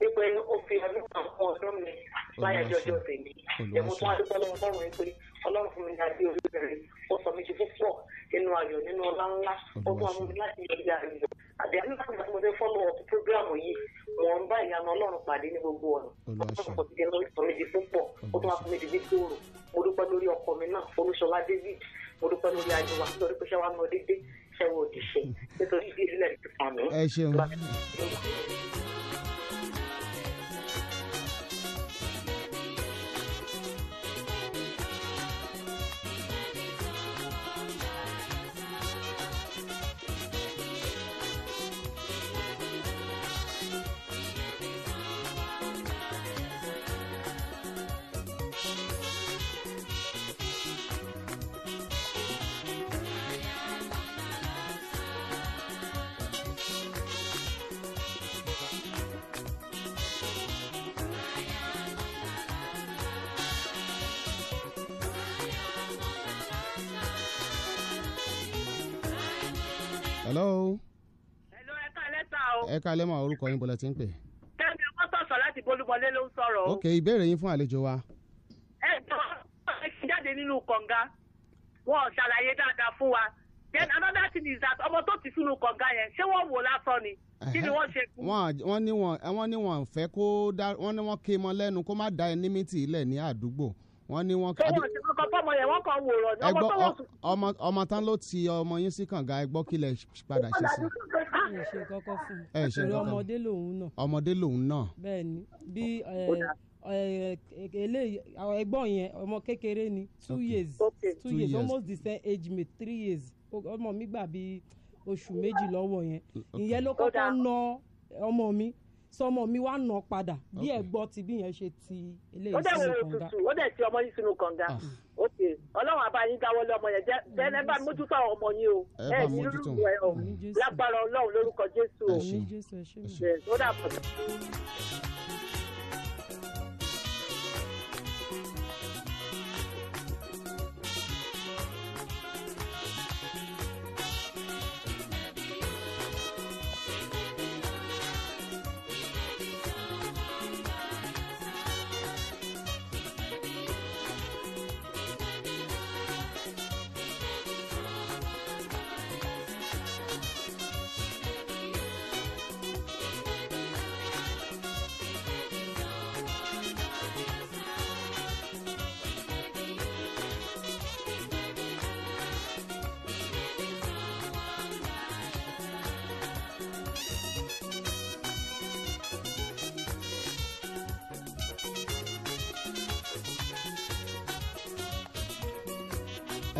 wípé ó fi ọdún kan fún ọdún mi láyé jọjọ tèmi èmi tún adúgbò lọ́wọ́ ọlọ́run wípé ọlọ́run fún mi ní adé olóbìnrin ó sọ mi ti fún pọ̀ nínú ayọ̀ nínú ọlá ńlá ó fún ọmọ mi láti yọjú ayọ̀ àbí aláàbò tí mo ti fọ́lọ́ ọ̀tún prógráàmù yìí mò ń bá ìyanu ọlọ́run pàdé ní gbogbo ọ̀nà ọlọ́run kò ti dé lórí ìtọ́ mi di púpọ̀ ó tún wá fún mi di gbígbóòrò mo dúpẹ́ lórí ọkọ mi náà Olúṣọlá David mo dúpẹ́ lórí ayé wa nítorí pé ṣáwa mọ déédéé ṣẹ́wọ́ òdìṣẹ́ nítorí ìdílé ìfàmì. ẹ ṣeun. hello. hello ẹ ká lẹ́tà o. ẹ ká lẹ́mọ̀ orúkọ yín bọ́lá ti ń pè. kẹ́mi ọkọ sọ̀sọ̀ láti bolúbọlé ló ń sọ̀rọ̀ o. ok ìbéèrè yín fún àlejò wa. ẹ jọ ẹ ti jáde nínú kànga wọn ò ṣàlàyé dáadáa fún wa then another thing is that ọmọ tó ti sínú kànga yẹn ṣé wọ́n wò lásán ni kí ni wọ́n ṣe fún. wọ́n ní wọ́n fẹ́ kó wọ́n ní wọ́n ké mọ́ lẹ́nu kó má da ẹni mítì ilẹ̀ ní àdúgbò wọ́n ní wọ́n. tọ́wọ́ ti kọ́kọ́ tọ́mọ yẹn wọ́n kàn wòrọ̀ ní ọmọ tọ́wọ́ sùn. ọmọ ọmọ tán ló ti ọmọ yín sí kànga ẹ gbọ́ padà ṣe sí. ẹ ṣe kọ́kọ́ fún un torí ọmọdé lòun náà. ọmọdé lòun náà. bẹ́ẹ̀ni bí eléyìí ẹ̀gbọ́n yẹn ọmọ kékeré ni two years two years almost the same age Me three years ọmọ mi gbà bíi oṣù méjì lọ́wọ́ yẹn ìyẹn ló kọ́kọ́ ná ọmọ mi sọmọ mi wá nà padà bí ẹ̀gbọ́n ti bí yẹn ṣe ti ilé ìsinmi kànga. ó dẹ̀ wọ́n tutù ó dẹ̀ ti ọmọ yìí sínú kànga òkè ah. ọlọ́run àbá yín dáwọ́ lé ọmọ yẹn jẹ́ bẹ́ẹ̀ ẹ bá mójútó àwọn ọmọ yín o ẹ ní lórúkọ ẹ o lágbára ọlọ́run lórúkọ jésù o. ó dà pọ̀.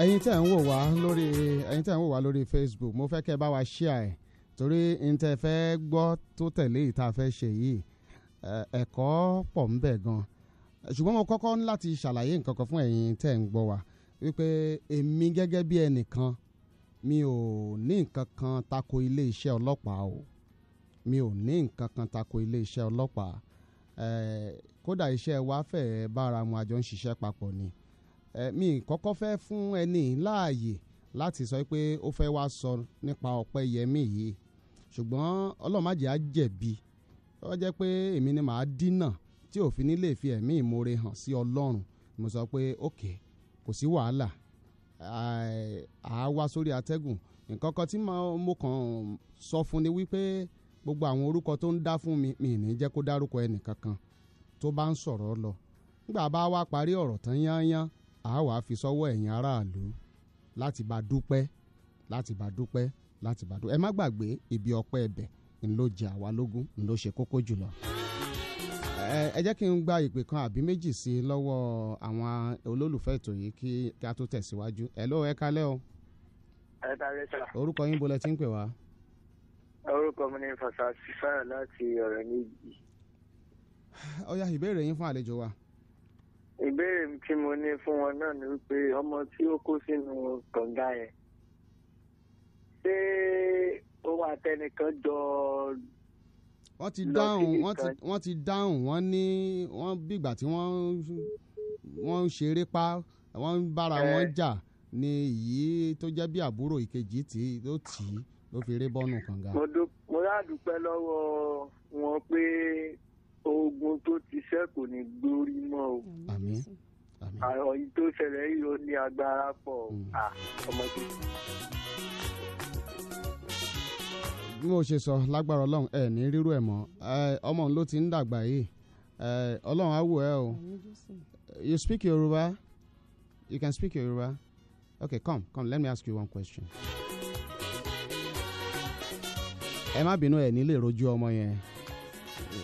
ẹ̀yin tẹ́ ń wò wá lórí ẹ̀yin tẹ́ ń wò wá lórí Facebook mo fẹ́ kẹ́ bá wa share ẹ̀ torí n tẹ́ fẹ́ gbọ́ tó tẹ̀lé ìta fẹ́ ṣe yìí ẹ̀kọ́ pọ̀ ń bẹ gan ṣùgbọ́n mo kọ́kọ́ ní láti ṣàlàyé nǹkan kan fún ẹ̀yin tẹ́ ń gbọ́ wa wípé èmi gẹ́gẹ́ bí ẹnìkan mi ò ní nǹkan kan tako ilé iṣẹ́ ọlọ́pàá o mi ò ní nǹkan kan tako ilé iṣẹ́ ọlọ́pàá kódà iṣẹ́ wa fẹ́ẹ́ bára mu àjọ ń ṣiṣẹ́ papọ̀ ni mi kọ́kọ́ fẹ́ fún ẹni láàyè láti sọ pé ó fẹ́ wá sọ nípa Ọpẹ́yẹmí yìí ṣùgbọ́n ọlọ́màjẹ́ á jẹ̀bi ó jẹ́ pé èmi ni màá dínà tí òfin ní lè fi ẹ̀mí ìmoore hàn sí Ọlọ́run mo sọ pé òkè kò sí wàhálà à á wá sórí atẹ́gùn nǹkan kan tí mo kàn sọ fún ni wípé gbogbo àwọn orúkọ tó ń dá fún mi mi ní jẹ́ kó dárúkọ ẹnì kankan tó bá ń sọ̀rọ̀ lọ nígbà bá wá parí ọ̀rọ̀ tán yányán a wàá fi sọ́wọ́ ẹ̀yin aráàlú láti bá dúpẹ́ láti bá dúpẹ́ láti bá dúpẹ́ ẹ má gbàgbé ibi ọpẹ́ ẹbẹ̀ ńlọ jẹ àwa lógún ńlọ ṣe kókó jùlọ. ẹ jẹ́ kí n gba ìpè kan àbí méjì sí i lọ́wọ́ àwọn olólùfẹ́ ètò yìí kí a tó tẹ̀síwájú ẹ ló ẹ kalẹ́ o. ẹ kalẹ́ sà. orúkọ yín bolẹ̀ tí ń pè wá. orúkọ mi ni fàṣà sífàrà láti ọ̀rẹ́ méjì. ó ìbéèrè yín fún àlejò wa ìbéèrè tí mo ní fún wọn náà ni wípé ọmọ tí ó kó sínú kànga yẹn ṣé òun àtẹnìkan jọ wọ́n ti dáhùn wọ́n ti dáhùn wọ́n ní wọ́n bìgbà tí wọ́n wọ́n ń ṣeré pa wọ́n ń bára wọn jà ni èyí tó jẹ́ bí àbúrò ìkejì tí ló tì í ló fi eré bọ́nù kànga. mo dúpẹ́ lọ́wọ́ wọn pé ogun tó ti ṣẹ́ kò ní gbórí mọ́ o. àwọn yìí tó ṣẹlẹ̀ yìí ó ní agbára pọ̀ hmm. ọmọdé. bí mo ṣe sọ lágbára ọlọ́run ẹ ní rírú ẹ̀ mọ́ ọmọ òun ló ti ń dàgbà yìí ọlọ́run á wò ẹ́ o you speak Yoruba you can speak Yoruba okay come come let me ask you one question. ẹ má bínú ẹ nílé rojú ọmọ yẹn.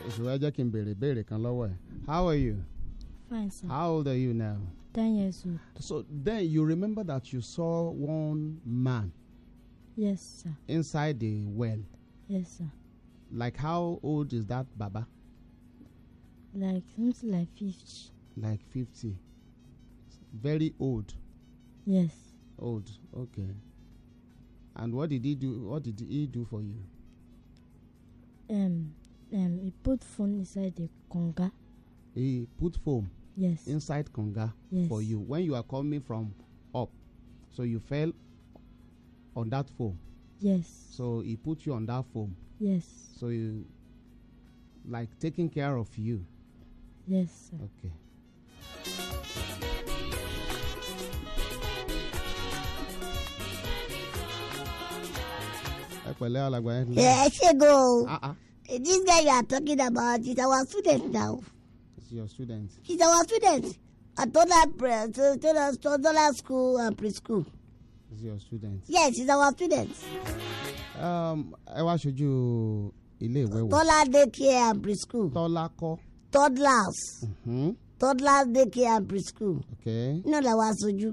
òṣùwà kí n béèrè kan lọ́wọ́ ẹ̀ how are you. fine sir. how old are you now. ten years old. so then you remember that you saw one man. yes sir. inside the well. yes sir. like how old is that baba. like something like fifty. like fifty very old. yes. old okay. and what did he do what did he do for you. um um, he put phone inside the conga. He put phone. Yes. Inside conga. Yes. For you when you are coming from up, so you fell on that foam. Yes. So he put you on that foam. Yes. So you like taking care of you. Yes. Sir. Okay. ẹ pẹ̀lẹ́ alàgbà yẹn. ẹ ṣe gan This guy you are talking about is our student now. He's your student. She's our student at Donald, Donald, Donald School and preschool. He's your student. Yes, she's our student. Um, ẹ wá ṣojú ilé ìwé wo. Tọ́lá daycare and preschool. Tọ́lá kọ́. Toddlers. Mm-hmm. Toddlers daycare and preschool. Okay. Iná la wá ṣojú.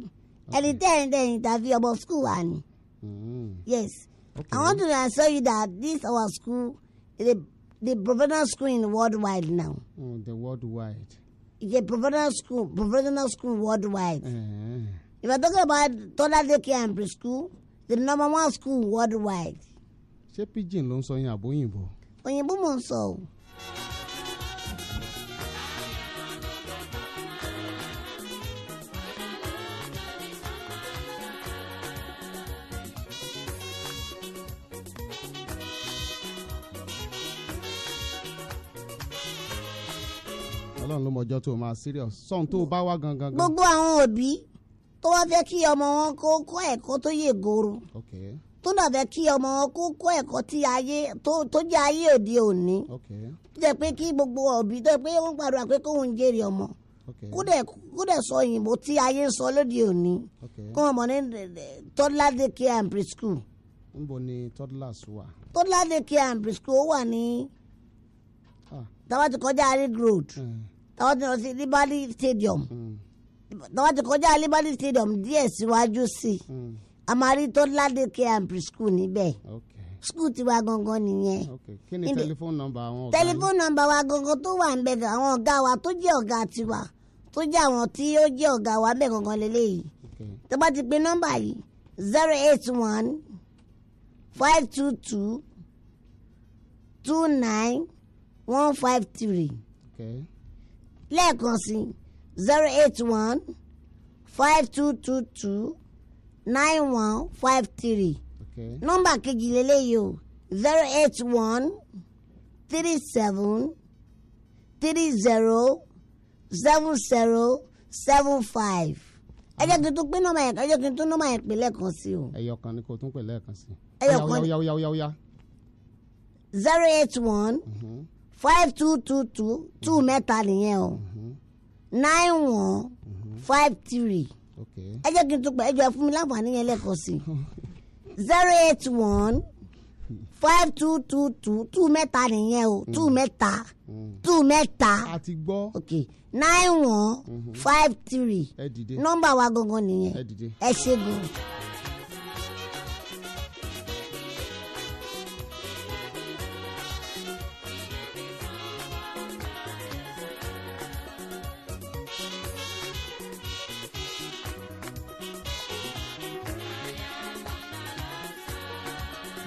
Ẹni tẹ́yìn tẹ́yìn tàbí ọmọ school wa ni. Mm-hmm. Yes. Okay. I want to assure you that this our school the the provincial School in worldwide now. Oh, the worldwide. The provincial School, provincial School worldwide. Uh-huh. If I talk about toddler daycare and preschool, the number one school worldwide. ṣé pidgin ló ń sọ yín àbóyìnbó. òyìnbó mò ń sọ o. ọlọ́run ló mọ ọjọ́ tó o máa serious sọ́n tó o bá wá gangan. gbogbo àwọn òbí tó wá fẹ́ kí ọmọ wọn kó kọ́ ẹ̀kọ́ tó yè goro tó náà fẹ́ kí ọmọ wọn kó kọ́ ẹ̀kọ́ tí ayé tó jẹ́ ayé òde òní tó jẹ́ pé kí gbogbo òbí tó jẹ́ pé wọ́n gbàdúrà pé kóun jèrè ọmọ kúdẹ̀ sọ òyìnbó tí ayé ń sọ lóde òní kó wọn mọ̀ ní toddler day care and preschool. níbo ni toddlers wà. toddler day care and preschool ó wà ní ah. tabati kọjá ring road. Mm táwọn ti lọ sí Liberty Stadium táwọn hmm. ti kọjá Liberty Stadium díẹ̀ síwájú sí i hmm. amari tó ládé care and preschool níbẹ̀ skul tiwa gangan nìyẹn. kí ni tẹlifóònù nọ́mbà àwọn ọ̀gá yín. Telephone number, wa gangan tó wà nbẹ àwọn ọ̀gá wa tó jẹ́ ọ̀gá tiwa tó jẹ́ àwọn tí ó jẹ́ ọ̀gá wa bẹ́ẹ̀ gangan lélẹ́yìí tó bá ti pe nọ́mbà yìí zero eight one five two two two nine one five three. Okay lẹ́ẹ̀kan sí zero eight one five two two two nine one five three nọ́mbà kejì lélẹ́yìí o zero eight one three seven three zero seven zero seven five ẹ jẹ́ kí n tún pín nọ́mbà yẹn ẹ jẹ́ kí n tún nọ́mbà yẹn pè lẹ́ẹ̀kan sí o. ẹyọ kan ni kò tún pè lẹ́ẹ̀kan sí. ẹyọ kan ni zero eight one. Mhm five two two two two mẹ́ta nìyẹn o nine one five three ẹ jẹ́ kí n tún pẹ́ ẹ jọ fún mi láǹfààní yẹn lẹ́ẹ̀kan sí zero eight one five two two two two mẹ́ta nìyẹn o two mẹ́ta two mẹ́ta okay nine one five three nọ́mbà wa gangan nìyẹn ẹ ṣe gan.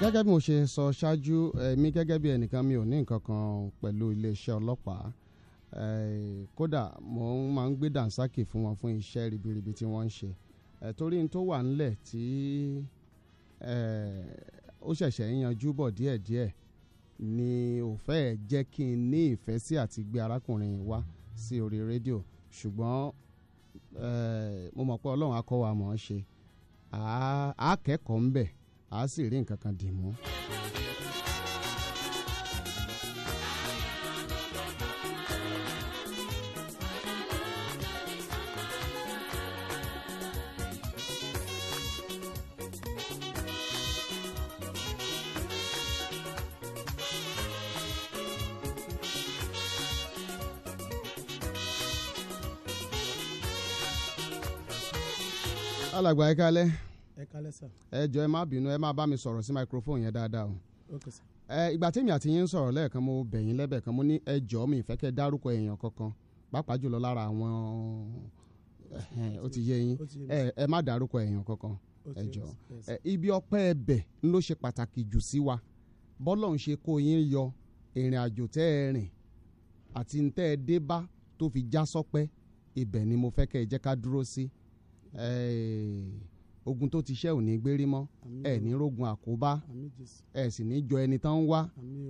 gẹ́gẹ́ bí mo ṣe sọ ṣáájú èmi gẹ́gẹ́ bí ẹnìkan mi ò ní nǹkan kan pẹ̀lú iléeṣẹ́ ọlọ́pàá kódà mo máa ń gbé dànsákì fún wọn fún iṣẹ́ ribiribi tí wọ́n ń ṣe torí n tó wà ńlẹ̀ tí ó ṣẹ̀ṣẹ̀ ń yanjú bọ̀ díẹ̀díẹ̀ ni ò fẹ́ jẹ́ kí n ní ìfẹ́ sí àti gbé arákùnrin wá sí orí rédíò ṣùgbọ́n mo mọ̀ pé ọlọ́run á mọ̀ ọ́n ṣe àá ń bẹ̀ a sì rí nǹkan kan dì mú. alàgbà ẹ ẹ kalẹ sà. ẹ jọ ẹ má bínú ẹ má bá mi sọ̀rọ̀ sí microphone yẹn dáadáa o. okay sà. ẹ ìgbà tèmi àti yín ń sọ̀rọ̀ lẹ́ẹ̀kan mo bẹ̀yìn lẹ́bẹ̀ mo ní ẹ jọ mi ìfẹ́ kẹ́ dárúkọ èèyàn kankan pàápàá jùlọ lára àwọn ó ti yé yín ẹ má dárúkọ èèyàn kankan ẹ jọ ibi ọpẹ́ ẹbẹ̀ ló ṣe pàtàkì jù sí wa bọ́lọ̀ ń ṣe kó yín yọ ìrìn àjò tẹ́ ẹ rìn àti tẹ́ ẹ dé bá tó fi já sọpẹ́ ibẹ̀ ni mo fẹ́ kẹ́ ẹ jẹ́ ká dúró sí. Eh, ogun tó ti ṣẹ́ ò ní gbérí mọ́ ẹ ní rógun àkóbá ẹ sì ní jọ ẹni tán ń wá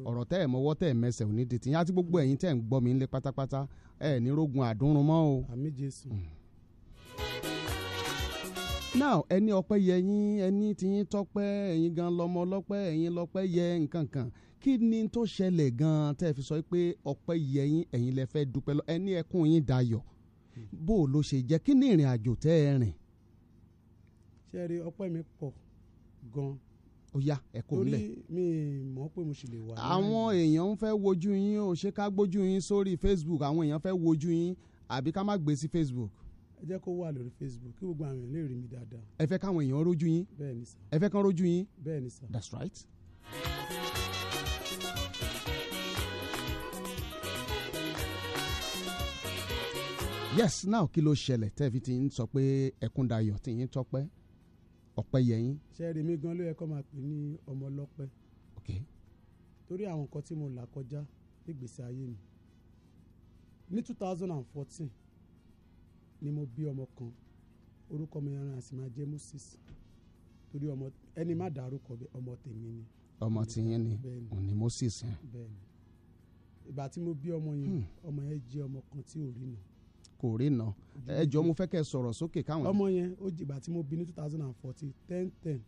ọ̀rọ̀ tẹ́ ẹ̀ mọ́wọ́ tẹ́ ẹ̀ mẹsẹ̀ ò ní dìtì yín àti gbogbo ẹ̀yin tẹ́ ń gbọ́ mi ńlẹ̀ pátápátá ẹ ní rógun àdúrún mọ́ o. Hmm. now ẹni ọpẹ́ yẹ yín ẹni tiyín tọ́pẹ́ ẹ̀yin gan lọ́mọ lọ́pẹ́ ẹ̀yin lọ́pẹ́ yẹ nǹkan kan kí ni tó ṣẹlẹ̀ gan tẹ́ ẹ fi sọ pé ọpẹ́ yẹ yín ẹ̀yin lẹ fẹ́ dúpẹ́ lọ ẹni ẹkún yín dayọ̀ hmm. bó o ló ṣe jẹ́ kí ni ìrìn àjò tẹ́ ẹ rìn ṣe rí ọpẹ́ mi pọ̀ gan ó yá ẹ̀kọ́ ńlẹ̀. mi mọ̀ pé mo sì lè wà. àwọn èèyàn ń fẹ́ wojú yín o ṣé ká gbójú yín sórí Facebook àwọn èèyàn fẹ́ wojú yín àbí ká má gbé sí Facebook. ẹ jẹ́ kó wà lórí Facebook kí gbogbo àwọn èèyàn lè rí mi dáadáa. ẹ fẹ́ káwọn èèyàn rójú yín. bẹ́ẹ̀ ni sà. ẹ fẹ́ kán rójú yín. bẹ́ẹ̀ ni sà. that's right. yes now kí ló ṣẹlẹ̀ tẹ́ẹ̀ fi ti ń sọ pé ẹ̀kúndayọ̀ ti yín tọ́pẹ́ Ọpẹ́yẹmí. sẹ́ẹ̀rì mi gan ló yẹ kó máa pè ní ọmọ ọlọ́pẹ́. ok. torí àwọn nǹkan tí mo là kọjá nígbèsè ayé mi ní two thousand and fourteen ni mo bí ọmọ kan orúkọ mi yẹn àti máa jẹ́ Moses torí ọmọ ẹni má dárúkọ ọmọ tèmi ni. ọmọ tìyẹn ni òní Moses yẹn. bẹ́ẹ̀ni ìgbà tí mo bí ọmọ yẹn hmm. ọmọ yẹn jẹ́ ọmọ kan tí ò rí nù kò rína ẹ jọ mo fẹ́ kẹ́ sọ̀rọ̀ sókè káwọn. ọmọ yẹn ó jìgbà tí mo bí ní two thousand and fourteen ten ten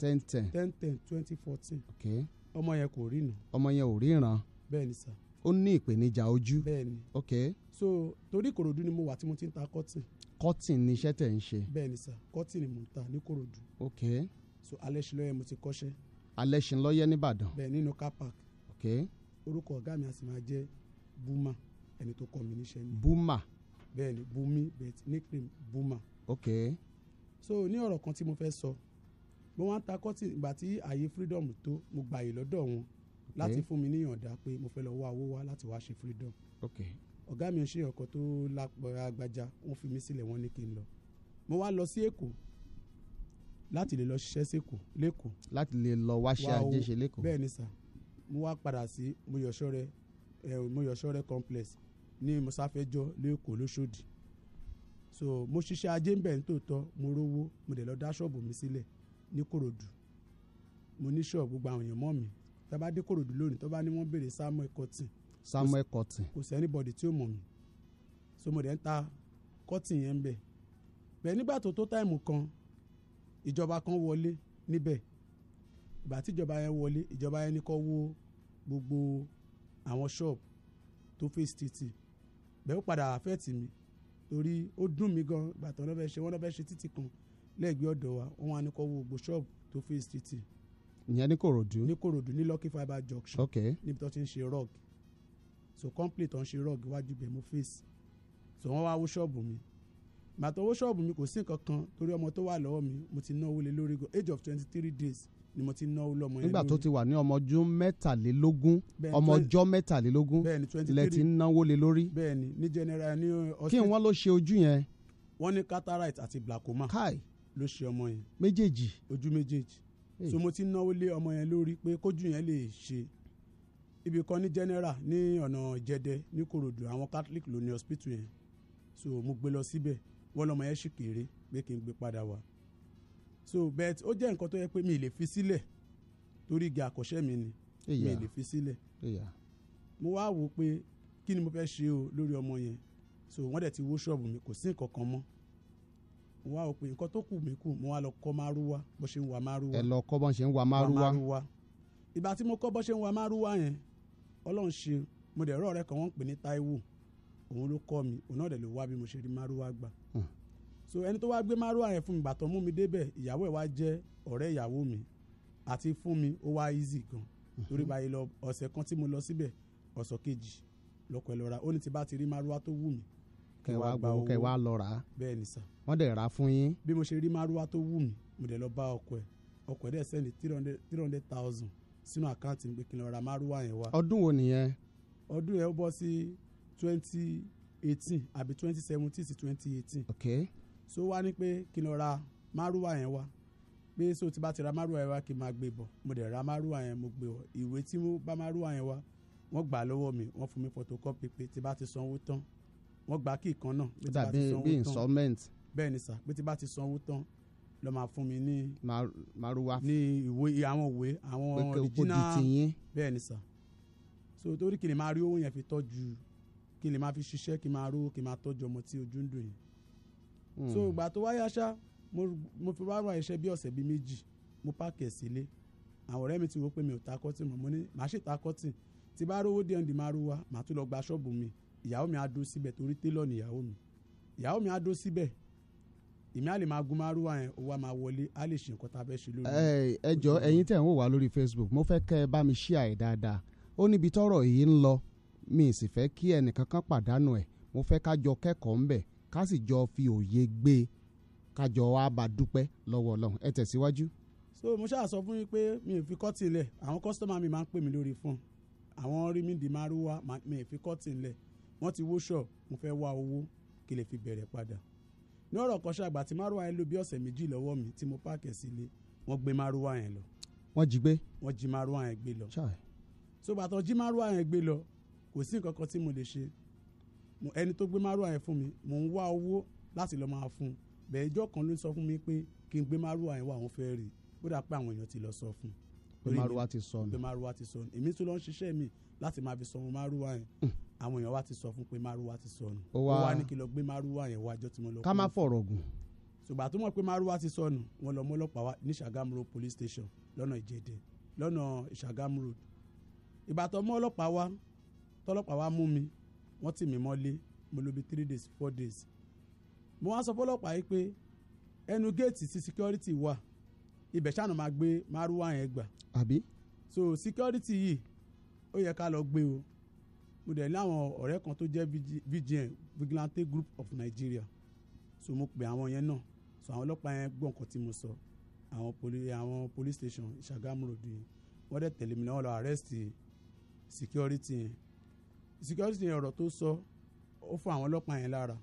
ten ten ten ten twenty fourteen ọmọ yẹn kò rína. ọmọ yẹn ò ríran. bẹ́ẹ̀ni sà. ó ní ìpèníjà ojú. bẹ́ẹ̀ni ok. so torí Ìkòròdú ni mo wà tí mo ti ń ta cotton. cotton ni iṣẹ́ tẹ̀ ń ṣe. bẹ́ẹ̀ni sà cotton ni mo ń ta ní Ìkòròdú. ok. so alẹ́ ṣe lọ́yẹ mo ti kọ́ṣẹ́. alẹ́ ṣe lọ́yẹ nìbàdàn. bẹ́ẹ̀ nínú car park. ok. orúkọ ọ̀gá mi a sì máa jẹ́ Buma ẹni tó kọ́ mi níṣẹ́ ni. Buma bẹ́ẹ̀ ni Bùnmi bet nickname Buma. ok. so ní ọ̀rọ̀ kan tí mo fẹ́ sọ mo wá ń ta kọ́tì ìgbà tí ààyè freedom tó mo gbààyè lọ́dọ̀ wọn láti fún mi níyànjá pé mo fẹ́ lọ wá owó wá láti wá ṣe freedom. ok. ọ̀gá mi ò ṣe ọkọ̀ tó lápọ̀ agbájá wọ́n fi mí sílẹ̀ wọ́n ní kí n lọ mo wá lọ sí Èkó láti lè lọ ṣiṣẹ́ sẹ́kù lẹ́kọ̀ọ́. láti lè lọ wáṣẹ́ ajé ṣe lẹ́kọ̀ọ́. bẹ́ẹ̀ ni sà mo wá padà sí moyọ̀ṣọ́rẹ́ eh, moyọ̀ṣọ́rẹ́ complex ní mọ́sáfẹ́jọ́ lẹ́kọ̀ọ́ lóṣòdì so mo ṣiṣẹ́ ajé ń bẹ̀ ní tòótọ́ mo rówó mo dẹ̀ lọ dá ṣọ́ọ̀bù mi sílẹ̀ ní kòròdú mo ní ṣọ́ọ̀bù gbogbo àwọn èèyàn mọ́ mi tá a bá dé kòròdú lónìí tó bá ní wọ́n béèrè Samuel Cotton Samuel Cotton kò sí anybody tí ó mọ̀ mi so mo dẹ̀ ń ta cotton yẹn ń bẹ̀ bẹ́ẹ̀ nígbà tó tó táìmù kan ìjọba kan wọlé níbẹ̀ ìgbà tí ìjọba yẹn wọlé ìjọba yẹn ní kó wó gbogbo àwọn ṣọ́ọ̀bù tó fèsì títì bẹ́ẹ̀ ó padà àfẹ́ẹ̀tì mi torí ó dùn mí gan bàtàn lọ́fẹ́ ṣe wọ́n lọ́fẹ́ ṣe títì kan lẹ́ẹ̀gbẹ́ ọ̀dọ̀ wa wọ́n á ní kọ́ wo gbogbo ṣọ́ọ̀bù tó face títì. ìyẹn ní Kòròdú. ní Kòròdú ní Lucky Fibre junction. ok níbi tó ti ń ṣe rug so complete tó ń ṣe rug iwájú ibẹ̀ mo face so wọ́n wá wó ṣọ́ọ̀bù mi màtọ́ wó ṣọ́ọ̀bù mi kò sí nǹkan kan torí ọmọ tó wà lọ́wọ́ mi mo ti náwó lé lórí age of twenty three days ni mo ti náwó lọ́mọ yẹn lórí. nígbà tó ti wà ní ọmọ ọjọ́ mẹ́tàlélógún ọmọ ọjọ́ mẹ́tàlélógún lẹ ti náwó lé lórí. bẹ́ẹ̀ni ní general ní ọsẹ. kí wọn ló ṣe ojú yẹn. wọn ní cataract àti glaucoma. kai ló ṣe ọmọ yẹn. méjèèjì. ojú méjèèjì. so mo ti náwó lé ọmọ yẹn lórí pé kójú yẹn lè ṣe ibi kan ní general ní ọ̀nà jẹdẹ ní korodu àwọn catholic ló ní hospital yẹn so mo gbé lọ síbẹ̀ wọ́n lọ́mọ yẹn ṣì kéré pé kí n gbé padà wá so bet ó jẹ́ nǹkan tó yẹ pé mi lè fi sílẹ̀ torí igi àkọ́ṣẹ́ mi ni mi lè fi sílẹ̀ mo wá wò pé kí mo fẹ́ ṣe o lórí ọmọ yẹn so wọ́n dẹ̀ ti wó ṣọ́ọ̀bù mi kò sí nǹkan kan mọ́ mo wá wò pé nǹkan tó kù mí kù mo wá lọ kọ́ márúwá bó ṣe ń wa márúwá. ẹ lọ kọ́ bó ṣe ń wa márúwá. ìgbà tí mo kọ́ bó ṣe ń wa márúwá yẹn ọlọ́run ṣe mo dẹ̀ rọ́ kan wọ́n ń pè ní Táíwò òun ló kọ́ mi òun náà dẹ̀ ló wá bí mo ṣe rí márúwá gbà. Hmm so ẹni tó wá gbé márùn àrẹ fún mi gbàtọ́ mú mi débẹ̀ ìyàwó ẹ̀ wá jẹ́ ọ̀rẹ́ ìyàwó mi àti fún mi ó wá easy gan mhm. torí báyìí lọ ọ̀sẹ̀ kan tí mo lọ síbẹ̀ ọ̀sọ̀ kejì lọ́kọ̀ ẹ̀ lọ́ra ó ní ti bá ti rí márùn tó wù mí. kẹ wá gbowó kẹ wá lọ bẹ́ẹ̀ ni sà. wọ́n dẹ̀ rà fún yín. bí mo ṣe rí márùn tó wù mí mo dẹ̀ lọ bá ọkọ ẹ̀ ọkọ ẹ̀ dẹ̀ sẹ́ni three hundred thousand sínú àkáǹtì mi pé kí n lọ ra márùn yẹn wá. twenty eighteen àbí twenty seventeen sí twenty eighteen. okay so wá ní pé kí n lọ ra márùwà yẹn wá pé so tí bá ti ra márùwà yẹn wá kí n máa gbé bọ̀ mo dẹ̀ ra márùwà yẹn mo gbé wọ̀ ìwé tí mo bá márùwà yẹn wá wọ́n gbà lọ́wọ́ mi wọ́n fún mi photocopy pé tí bá ti sanwó tán wọ́n gbà kí ìkan náà pé tí bá ti sanwó tán bí installment bẹ́ẹ̀ ni sà pé tí bá ti sanwó tán lọ máa fún mi ní márùwà ní ìwé àwọn ìwé àwọn original bẹ́ẹ̀ ni sà so torí kí n lè máa rí owó yẹn so hmm. ìgbà tó wáyá ṣá mo fi wá ra iṣẹ́ bí ọ̀sẹ̀ bíi méjì mo páàkì ẹ̀ sílé àwọn ọ̀rẹ́ mi ti wo pé mi ò ta kọ́tì mọ̀ mo ní màá ṣe ta kọ́tì tí bá rówó díẹ̀ ndì máa ro wa màá tún lọ gba ṣọ́ọ̀bù mi ìyàwó mi á dó síbẹ̀ torí télọ̀ ni ìyàwó mi ìyàwó mi á dó síbẹ̀ èmi á lè máa gun márùn wa yẹn owó a máa wọlé á lè ṣe nǹkan tá a fẹ́ ṣe lórí. ẹ jọ ẹ̀yin tẹ́ ń wò wá lórí Facebook mo fẹ́ kẹ́ ẹ bá mi ṣí àì dáadáa ó níbi tọ́rọ̀ yìí ń lọ mi sì fẹ́ kí ẹnìkankan pàdánù ẹ̀ mo fẹ́ ká jọ kẹ́kọ̀ọ́ ká sì jọ fi òye gbé e kájọ wa bá dúpẹ́ lọ́wọ́ ọlọ́run ẹ tẹ̀síwájú. so mo ṣáà sọ fún yín pé mi ò fi kọ́tì lẹ̀ àwọn kọ́sítọ́mà mi máa ń pè mí lórí fún àwọn rí mi di márúwá mi ò fi kọ́tì lẹ̀ wọ́n ti wó ṣọ̀ mo fẹ́ wá owó kí lè fi bẹ̀rẹ̀ padà ní ọ̀rọ̀ kan ṣàgbà tí márúwá yẹn lò bí ọ̀sẹ̀ méjì lọ́wọ́ mi tí mo páàkì sílé wọ́n gbé márúwá yẹn lọ. wọ́n jí gbé. wọ́n so bàtọ̀ jí márúwá yẹn gbé lọ kò ẹni tó gbé márùwá yẹn fún mi mò ń wá owó láti lọ́ọ́ máa fún un bẹ́ẹ̀ ìjọ kan ló sọ fún mi pé kí n gbé márùwá yẹn wá àwọn fẹ́ rí i ó dà pé àwọn èèyàn ti lọ sọ fún un pé márùwá ti sọnù pé márùwá ti sọnù èmi tún lọ ń ṣiṣẹ́ mi láti máa fi sọnù márùwá yẹn hmm. àwọn èèyàn wa ti sọ fún pé márùwá ti sọnù ó wá ní kí lọ gbé márùwá yẹn wájọ́ tí mo lọ kú ká má fọ̀rọ̀ gùn ṣùgbọ́n àtúmọ̀ pé márùwá ti sọnù wọn lọ mọ́lọ́pàá wa ní station lọ́nà ìjẹ̀dẹ̀ lọ́nà Ṣàgámù road ìbátan mọ́ ọlọ́pàá wa tọ́lọ́pàá wa mú mi wọ́n tì mí mọ́lé mo lò bí three days four days mo wá sọ fọ́lọ́pàá yìí pé ẹnu géètì sí security wà ibẹ̀ ṣáà máa gbé márùwá yẹn gbà. àbí. so security yìí ó yẹ ká lọ gbé o mo dẹ̀ láwọn ọ̀rẹ́ kan tó jẹ́ VGN vigilante group of Nigeria so mo pè àwọn yẹn náà so àwọn ọlọ́pàá yẹn gbọ́ nǹkan tí mo sọ àwọn police station Ìṣàgámù road yìí wọ́n dẹ̀ tẹ̀lé mi náà lọ arrest security yẹn security ọ̀rọ̀ tó sọ ó fún àwọn ọlọ́pàá yẹn lára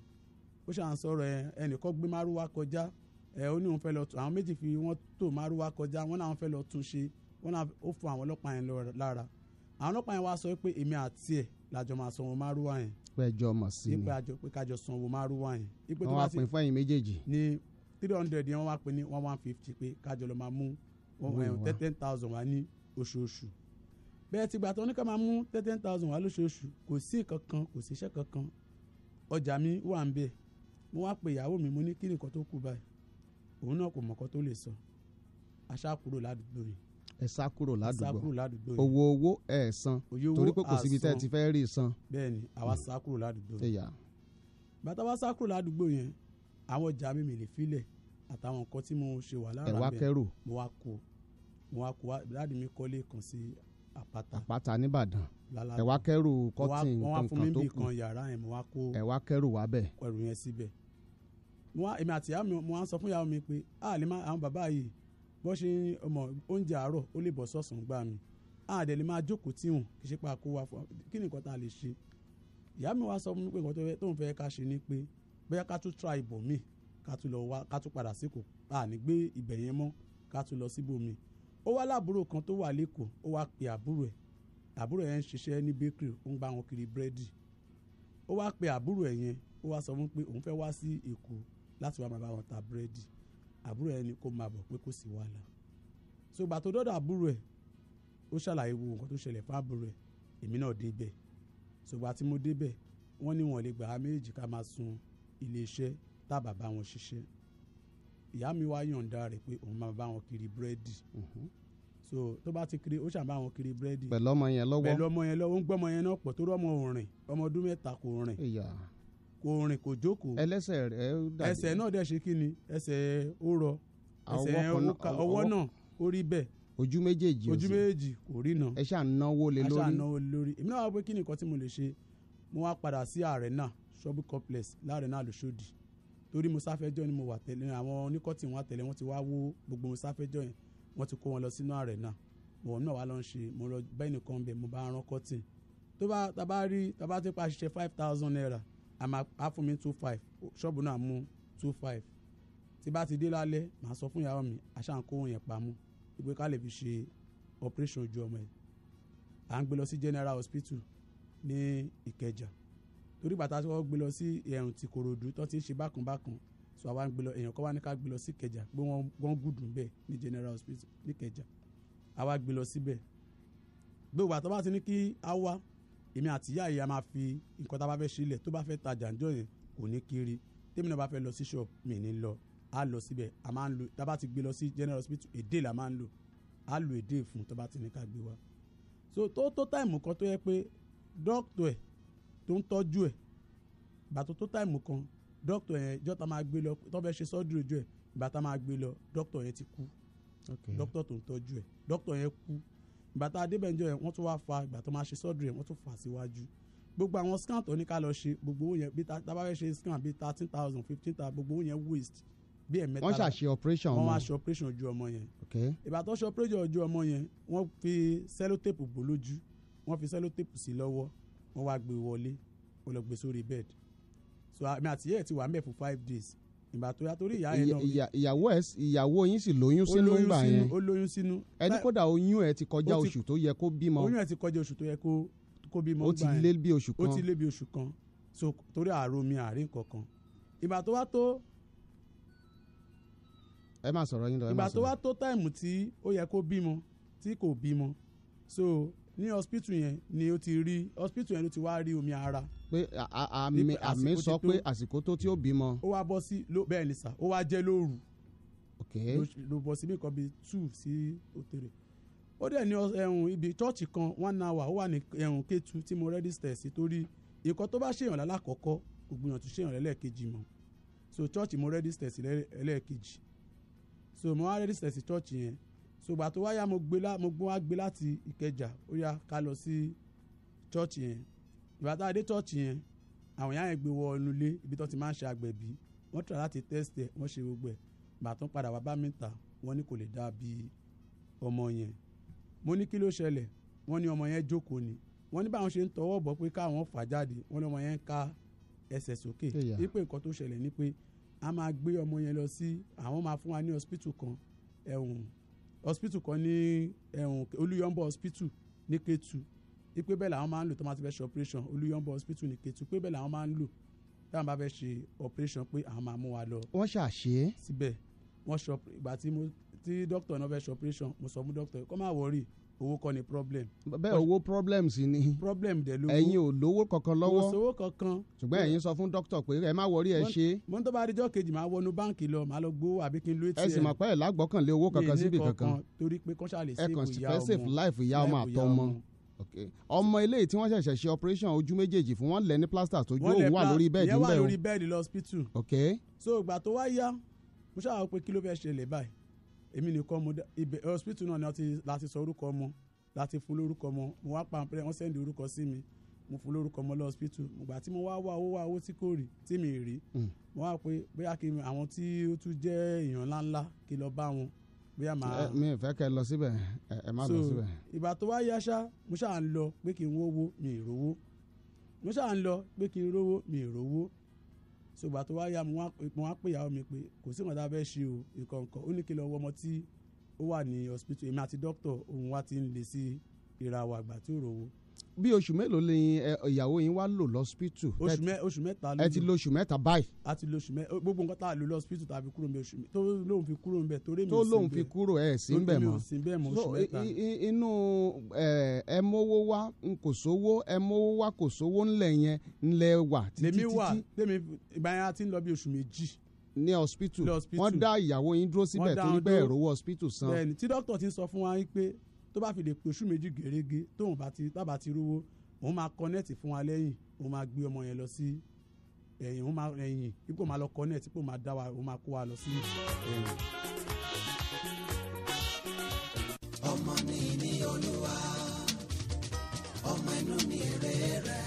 ó ṣàn sọ̀rọ̀ ẹ ẹnìkan gbé márúwá kọjá ẹ ó ní òun fẹ́ lọ tún àwọn méjì fi wọ́n tó márúwá kọjá wọ́n náà fẹ́ lọ tún ṣe wọ́n náà ó fún àwọn ọlọ́pàá yẹn lára àwọn ọlọ́pàá yẹn wá sọ pé èmi àti ẹ̀ làjọ máa sanwó márúwá yẹn. pé ẹjọ mọ sí ni pé kájọ sanwó márúwá yẹn. wọ́n wá pín fún méjèèjì. ní three hundred yẹn wọ́n wá pín ní one one fifty pé kájọ lọ máa mú eh, ten thousand wá ní oṣooṣù bẹ́ẹ̀ ti gbà tó ní ká máa mú ten thousand wá lóṣooṣù kò sí kankan kò sí iṣẹ́ kankan ọjà mi wà ń bẹ̀ mo wá pe ìyàwó mi mo ní kí nìkan tó kù báyìí òun náà kò mọ̀kọ́ tó lè sọ àṣà kúrò ládùúgbò yìí ẹ sá kúrò ládùúgbò owó owó ẹ san torí pé kò síbi tẹ́ ẹ ti fẹ́ rí san. bẹ́ẹ̀ni àwa hmm. sá kúrò ládùúgbò bàtà wa sá kúrò ládùúgbò yẹn àwọn ọjà mi mi lè filẹ̀ àtàwọn nǹkan tí mo ṣe wà lára bẹ́ẹ̀ mo wá kó mo wá kó dáàdi mi kọ́lé kan sí àpáta àpáta nìbàdàn ẹ wá kẹrù kọ́tìn nǹkan tó kù wọn mo wá kó ẹ wá kẹrù wá bẹ̀. ẹrù yẹn síbẹ̀ mo wá èmi àti ìyá mi mo wá sọ fún ìyá mi pé a lè má àwọn bàbá yìí bó ṣe mọ oúnjẹ àárọ̀ ó lè bọ́ sọ̀sán gbá mi a lè máa jókòó tí kì í ṣe pa kó wa fún kí ni nǹkan tá a lè ṣe ìyá mi wá sọ fún mi pé nǹkan tó ń fẹ́ ká ṣe ni pé bóyá ká tún try ibòmíì ká tún lọ wá ká tún padà sí kò gbé ibẹ̀ yẹn mọ́ ká tún lọ síbòmíì ó wá láàbúrò kan tó wà lẹ́kọ̀ọ́ ó wá pe àbúrò ẹ̀ àbúrò ẹ̀ ń ṣiṣẹ́ ní bakery ó ń bá wọn kiri búrẹ́dì ó wá pe àbúrò ẹ̀ yẹn ó wá sọ fún pé òun fẹ́ wá sí èkó láti wá máa bá wọn ta búrẹ́dì àbúrò ẹ̀ ni kó máa bọ̀ pé kò sí wàhálà so gbà tó dọ́dọ̀ àbúrò ẹ̀ ó ṣàlàyé wo nǹkan tó ṣẹlẹ̀ fún àbúrò ẹ̀ èmi náà débẹ̀ so gbà tí mo débẹ̀ wọ́n ní wọn lè gbà á méjì ká máa sun ilé tá bàbá wọn ṣiṣẹ́ ìyá mi wá yọ̀ǹda rẹ̀ pé òun máa bá wọn kiri búrẹ́dì mhm. so tó bá ti kiri ó ṣàn wọn kiri búrẹ́dì. pẹ̀lú ọmọ yẹn lọ́wọ́ pẹ̀lú ọmọ yẹn lọ́wọ́ ó ń gbọ́ ọmọ yẹn náà pọ̀ tó rọ́ ọmọ òrìn ọmọ ọdún mẹ́ta kò rìn kò rìn kò jókòó. ẹlẹ́sẹ̀ rẹ̀ ó dàbí. ẹsẹ̀ náà dẹ̀ ṣe kí ni ẹsẹ̀ ó rọ ẹsẹ̀ ọwọ́ náà ó rí bẹ́ẹ̀. ojú méjèèjì ojú méjèèjì kò rí náà. ẹ ṣáà náwó lé lórí. ẹ ṣáà náwó lé lórí èmi náà wá pé kí Arena shopping torí musáfẹ́jọ́ ni mo wà tẹ̀lé àwọn oníkọ́tì wọn àtẹ̀lé wọn ti wá wó gbogbo musáfẹ́jọ́ yẹn wọ́n ti kó wọn lọ sínú ààrẹ náà mo náà wá lọ ń ṣe mo lọ bẹ́ẹ̀ nìkan bẹ̀ mo bá rán kọ́tì tó bá taba rí taba ti pa ṣiṣẹ́ five thousand naira àmà á fún mi two five ṣọ́ọ̀bù náà mú two five tí bá ti dé lálẹ́ màá sọ fún ìyàwó mi àṣàǹkó yẹn pamọ́ ìgbé ká fi ṣe operation ojú ọmọ ẹ̀ à ń gbé lọ sí general hospital ní Ìkẹjà torí bàtà tí wọ́n gbé lọ sí eh, ẹ̀rùn ti Kòròdú tó ti ń ṣe bákan so àwa ń gbé lọ èèyàn kan wá ní ká gbé lọ sí Ìkẹjà pé wọ́n gùdùn bẹ́ẹ̀ ní General Hospital ní Ìkẹjà àwa gbé lọ síbẹ̀ gbogbo àtọ́ bá ti ní kí á wá èmi àti ìyá yìí a máa fi nǹkan tá a bá fẹ́ sílẹ̀ tó bá fẹ́ tajà ńjọ́ yẹn kò ní kiri tèmi náà bá fẹ́ lọ sí shop mi ní lọ á lọ síbẹ̀ a máa ń lo tá a bá ti gbé lọ sí General Hospital èdè la máa ń lò á lo èdè fún tó bá ti ní ká gbé wá so tó tó táìmù kan tó yẹ pé dókítà tó ń tọ́jú ẹ̀ bàtò tó táìmù kan dókítà yẹn jọ́ta máa gbé lọ tó fẹ́ ṣe sọ́ọ́dì ojú ẹ̀ bàtà máa gbé lọ dókítà yẹn ti kú dókítà tó ń tọ́jú ẹ̀ dókítà yẹn kú bàtà adébẹ̀njọ yẹn wọ́n tún wá fa ìgbà tó máa ṣe sọ́ọ́dì yẹn wọ́n tún fà síwájú gbogbo àwọn scan tó ní ká lọ ṣe gbogbo owó yẹn bí tábà fẹ́ ṣe scan bí thirteen thousand fifteen thousand gbogbo owó yẹn waste bí ẹ̀ mẹ́ta wọ́n ṣàṣe operation wọ́n wá ṣe operation ojú ọmọ yẹn ìgbà tó ṣe operation ojú ọmọ yẹn wọ́n fi sellotape bò lójú wọ́n fi sellotape sí lọ́wọ́ wọ́n wá gbé wọlé ó lọ gbé sórí bed so àmì àtìyẹ́ ti wà mẹ́ fún five days ìgbà tó yá torí ìyá yẹn náà. ìyàwó ẹ ìyàwó yín sì lóyún sínú ńgbà yẹn ó lóyún sínú. ẹni kódà oyún ẹ ti kọjá oṣù tó yẹ kó bímọ. oyún ẹ ti kọjá oṣù tó yẹ kó kó bímọ ó ti lé bí oṣù kan ó ti lé bí oṣù kan so torí àròmí àárín kankan ìgbà tó wá tó ẹ máa sọ̀rọ̀ yín lọ ẹ máa sọ̀rọ̀. ìgbà tó wá tó táìmù tí ó yẹ kó bímọ tí kò bímọ so ní hospital yẹn ni ó ti rí hospital yẹn ló ti wá rí omi ara. pé àmì àmì sọ pé àsìkò tó tí ó bímọ. ó wá bọ́ sí bẹ́ẹ̀ ni sà ó wá jẹ́ lóru ló bọ́ síbi kan bíi two sí òtèrè ó dẹ̀ ní ibi chọ́ọ̀chì kan one hour ó wà ní ẹ̀hún Kétu tí mo register sí torí ìkọ́ tó bá ṣèyàn lálàkọ́kọ́ kò gbìyànjú ṣèyàn lẹ́lẹ́kejì mọ́ so chọ́ọ̀chì mo register sí lẹ́lẹ́kejì so mo wá register sí chọ́ọ̀chì yẹn sògbà tó wáyà mo gbé lá mo gbọ́n wá gbé láti ìkẹjà ó yá ká lọ sí chọ́ọ̀chì yẹn ìgbà tá a dé chọ́ọ̀chì yẹn àwọn yàrá yẹn gbé wọ inú ilé ibi tó ti máa ń ṣe àgbẹ̀bí wọ́n tẹ̀ láti tẹ́sítẹ̀ wọ́n ṣe gbogbo ẹ̀ gbà tó ń padà wá bá mi ta wọ́n ní kò lè dá bí ọmọ yẹn mo ní kí ló ṣẹlẹ̀ wọ́n ní ọmọ yẹn jókòó ni wọ́n ní báwọn ṣe ń tọwọ́ bọ̀ pé káwọn fà jáde wọ́n ní ọmọ yẹn ká ẹsẹ̀ hospital kan ẹ̀wọ̀n hospital kan ní ẹ̀hún hospital ní Kétu ipe bẹ́ẹ̀ làwọn máa ń lò tó máa ti fẹ́ ṣe operation olúyọ̀ǹbọ̀ hospital ní Kétu pé bẹ́ẹ̀ làwọn máa ń lò táwọn bá fẹ́ ṣe operation pé àwọn máa mú wa lọ. wọ́n ṣàṣe. síbẹ̀ wọ́n ṣọ ìgbà tí mo tí dókítà náà fẹ́ ṣe operation mo sọ fún dókítà kó má wọrí owó kọ́ ni problem. bẹ́ẹ̀ owó problem sì ni. problem dẹ̀ lówó. ẹ̀yin ò lówó kankan lọ́wọ́. kò sówó kankan. ṣùgbọ́n ẹ̀yin sọ fún dókítà pé ẹ má wọrí ẹ ṣe. mo ń tó bá ríjọ́ kejì máa wọnú báǹkì lọ máa lọ gbowó àbí kí n lo atm. ẹ sì mọ̀ pé ẹ̀ lágbọ́kànlé owó kankan síbi kankan. torí pé kọ́ṣà lè save ìyá ọmọ ọmọ ilé tí wọ́n ṣẹ̀ṣẹ̀ ṣe operation ojú méjèèjì fún wọn lẹ ní plaster tó jó òun wà lórí bẹ́ẹ̀dì ńbẹ̀ o. ìyẹn wà lórí bẹ́ẹ̀dì lọ hospital. so ìgbà tó wá yá mo ṣáà wọ pé kí ló fẹ́ ṣẹlẹ̀ báyìí èmi nìkan mo ibẹ̀ hospital náà ni láti sọ orúkọ ọmọ láti fún lórúkọ ọmọ mo wá pampẹ́rẹ́ wọ́n sẹ́ndì orúkọ sí mi mo fún lórúkọ ọmọ lọ hospital ìgbà tí mo wá wá owó wá owó tí kò rí tí mi rí hmm. mo wá pé bóyá kí àwọn tí ó tún jẹ́ èèyàn ńláńlá kí lọ bá wọn bóyá màá. Eh, mi ò fẹ́ kẹ́ ẹ lọ síbẹ̀ ẹ má lọ síbẹ̀. ìgbà tó wá yá mo ṣáà ń lọ pé kí n wówó mi ì mo ṣáà ń lọ pé kí n rówó mi ì ṣùgbọ́n tó wá yá mo wá pè ìyàwó mi pé kò sí nǹkan tá ṣe o nǹkan nǹkan ó ní kí lọ wọ ọmọ tí ó wà ní hospital èmi àti doctor òun wá ti ń le sí ìra àgbà tí ò rówó bí oṣù mélòó ni ìyàwó yín wá lò lọ́sípítù. oṣù mẹ́ta ló lò ẹ ti lo oṣù mẹ́ta báyìí. a ti lo oṣù mẹ́ta gbogbo nǹkan tá a lò lọ́sípítù tá a fi kúrò ń bẹ oṣù mẹ́ta tó lóun fi kúrò ń bẹ torí mi ò sí bẹ́ẹ̀. tó lóun fi kúrò ẹ̀ sí ń bẹ̀ mọ́. torí mi ò sí bẹ́ẹ̀ mọ́ oṣù mẹ́ta. inú ẹ mówó wá n kò sówó ẹ mówó wá kò sówó ńlẹ̀ yẹn ńlẹ̀ wà títí títí. lèmi wà lèmi ìgbà ti ń lọ bí oṣù méjì ní hospital wọ́n dá ìyàwó yín dúró síbẹ̀ torí bẹ́ẹ̀ rówó hospital san. bẹ́ẹ̀ni tí dókítà ti ń sọ fún wa pé tó bá fi lè pe oṣù méjì gèrègé tóun bá ti tábà ti rówó òun máa kọ́nẹ́ẹ̀tì fún wa lẹ́yìn òun máa gbé ọmọ yẹn lọ sí ẹ̀yìn òun máa ẹ̀yìn ipò máa lọ kọ́nẹ́ẹ̀tì ipò máa dá wa òun máa kó wa lọ sí ẹ̀yìn.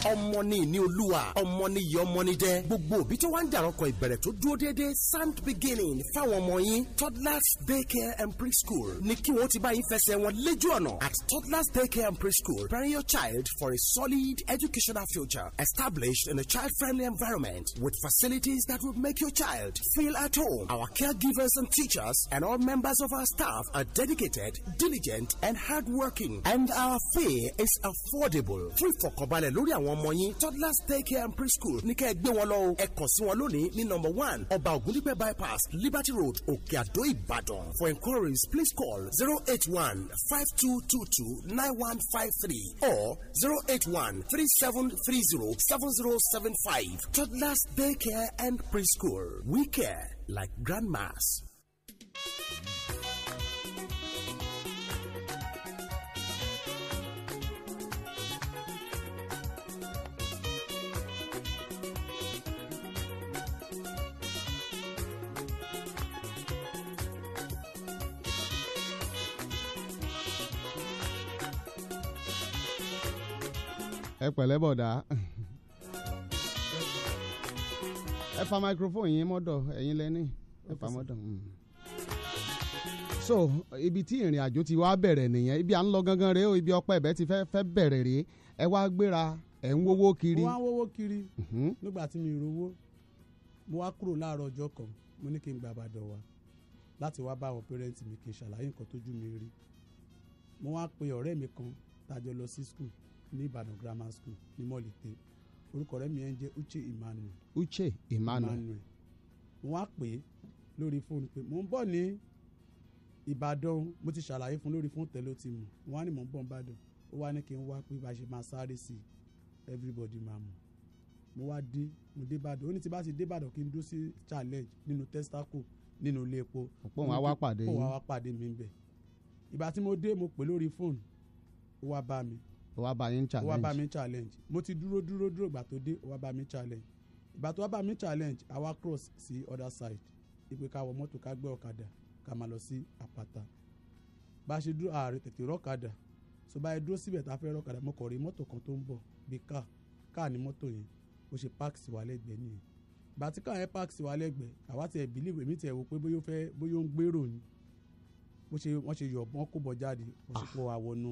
ọmọ ni ìní olúwa ọmọ ni ìyá ọmọ ni jẹ́ gbogbo òbí tó wá ń dàrọ́kọ ìbẹ̀rẹ̀ tó dúró déédéé sand beginning fáwọn ọmọ yín toddlers daycare and preschool ni kí wọ́n ti bá yín fẹsẹ̀ wọn lójú ọ̀nà at toddlers daycare and preschool preparing your child for a solid educational future established in a child-friendly environment with facilities that will make your child feel at home. Our caregivers and teachers and all members of our staff are dedicated, diligent and hardworking and our fee is affordable. Fún ìfọ̀kànbalẹ̀ lórí àwọn àwọn ọmọ yín toddlers daycare and preschool ní kẹ́ ẹ gbé wọn lọ o ẹ kàn sí wọn lónìí ní number one ọba ògúndípẹ̀ bypass liberty road òkè àdó ìbàdàn for inquiries please call zero eight one five two two two nine one five three or zero eight one three seven three zero seven zero seven five toddlers daycare and preschool we care like grandmas. ẹ pẹ̀lẹ́ bọ̀dá ẹ fa microphone yín mọ́dọ̀ ẹ̀yin lẹ́ni ẹ fa mọ́dọ̀. Hmm. so ibi tí ìrìn àjò ti wá bẹ̀rẹ̀ nìyẹn ibi à ń lọ gangan rèé o ibi ọpẹ́ ẹ̀bẹ̀ ti fẹ́ bẹ̀rẹ̀ rèé ẹ wá gbéra ẹ ń wówó kiri. mo wá wówó kiri mhm. nígbà tí mi rówó mo wá kúrò láàárọ̀ ọjọ́ kan mo ní kí n láti wá bá àwọn pẹrẹntì mi kí n ṣàlàyé ní Ìbàdàn grammar school ní mọ́lìté orúkọ rẹ̀ mi jẹ́ Uche Emmanuel. Uche Emmanuel. wọ́n á pè é lórí fóònù pé mò ń bọ̀ ní Ìbàdàn mo ti ṣàlàyé fún lórí fóònù tẹ́lẹ̀ ó ti mọ̀ wọ́n á ní mò ń bọ̀ ní Ìbàdàn ó wá ní kí n wá pé bá a ṣe máa sáré sí everybody máa mọ̀ mo wá dé mo dé Ìbàdàn ó ní tí bá ti dé Ìbàdàn kí n dó sí challenge nínú testaco nínú ilé epo. òpó wọn á wá pàdé yín òpó wọn á wá pàdé mi bẹ̀ ìgbà tí mo dé mo pè lórí fóònù ó wá bá mi ó wá bá yín challenge ó wá bá mi challenge mo ti duro duro. dúró ìgbà tó dé ó wá bá mi challenge ìgbà tó wá bá mi challenge àwa cross sí other side ìpè ká wọ mọ́tò ká gbé ọ̀kadà ká máa lọ sí àpáta bá a ṣe dúró ààrẹ tètè rọ́kadà so báyìí dúró síbẹ̀ tá a fẹ́ rọ́kadà mo kọ̀ rí mọ́tò kan tó ń bọ̀ bí káà káà ní mọ́tò yẹn ó ṣe park sí wa lẹ́gbẹ̀ẹ́ nìyẹn ìgbà tí káà yẹn park sí wa lẹ́gbẹ̀ẹ́ àwa tiẹ̀ believe èmi tiẹ̀ wò pé bóyá ó fẹ́ bóyá ó ń gbèrò ni bó ṣe wọ́n ṣe yọ̀ kó bọ̀ jáde wọ́n ṣe pọ̀ ah. àwọnú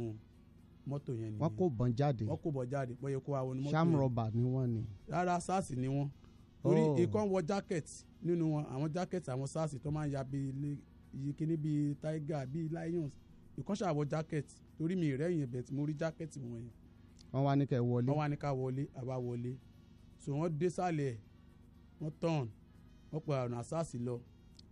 mọ́tò yẹn nìyẹn. wọ́n kò bọ́n jáde. wọ́n kò bọ́n jáde bọ́yẹ kó wa wọnú mọ́tò yẹn. sham rọba ni wọ́n ni. rárá sars ni wọ́n torí oh. ikán wọ jacket nínú wọn àwọn jacket àwọn sars tó máa ń ya bíi kíní bíi tiger bíi lions ikán ṣàwọ jacket torí mi ìrẹ́yìn ẹ̀bẹ̀ tí mo rí jacket wọn yẹn. wọ́n wá ní ká wọlé. wọ́n wá ní ká wọlé àbá wọlé so wọ́n dé sálẹ̀ wọ́n tán wọ́n pa ọ̀nà sars lọ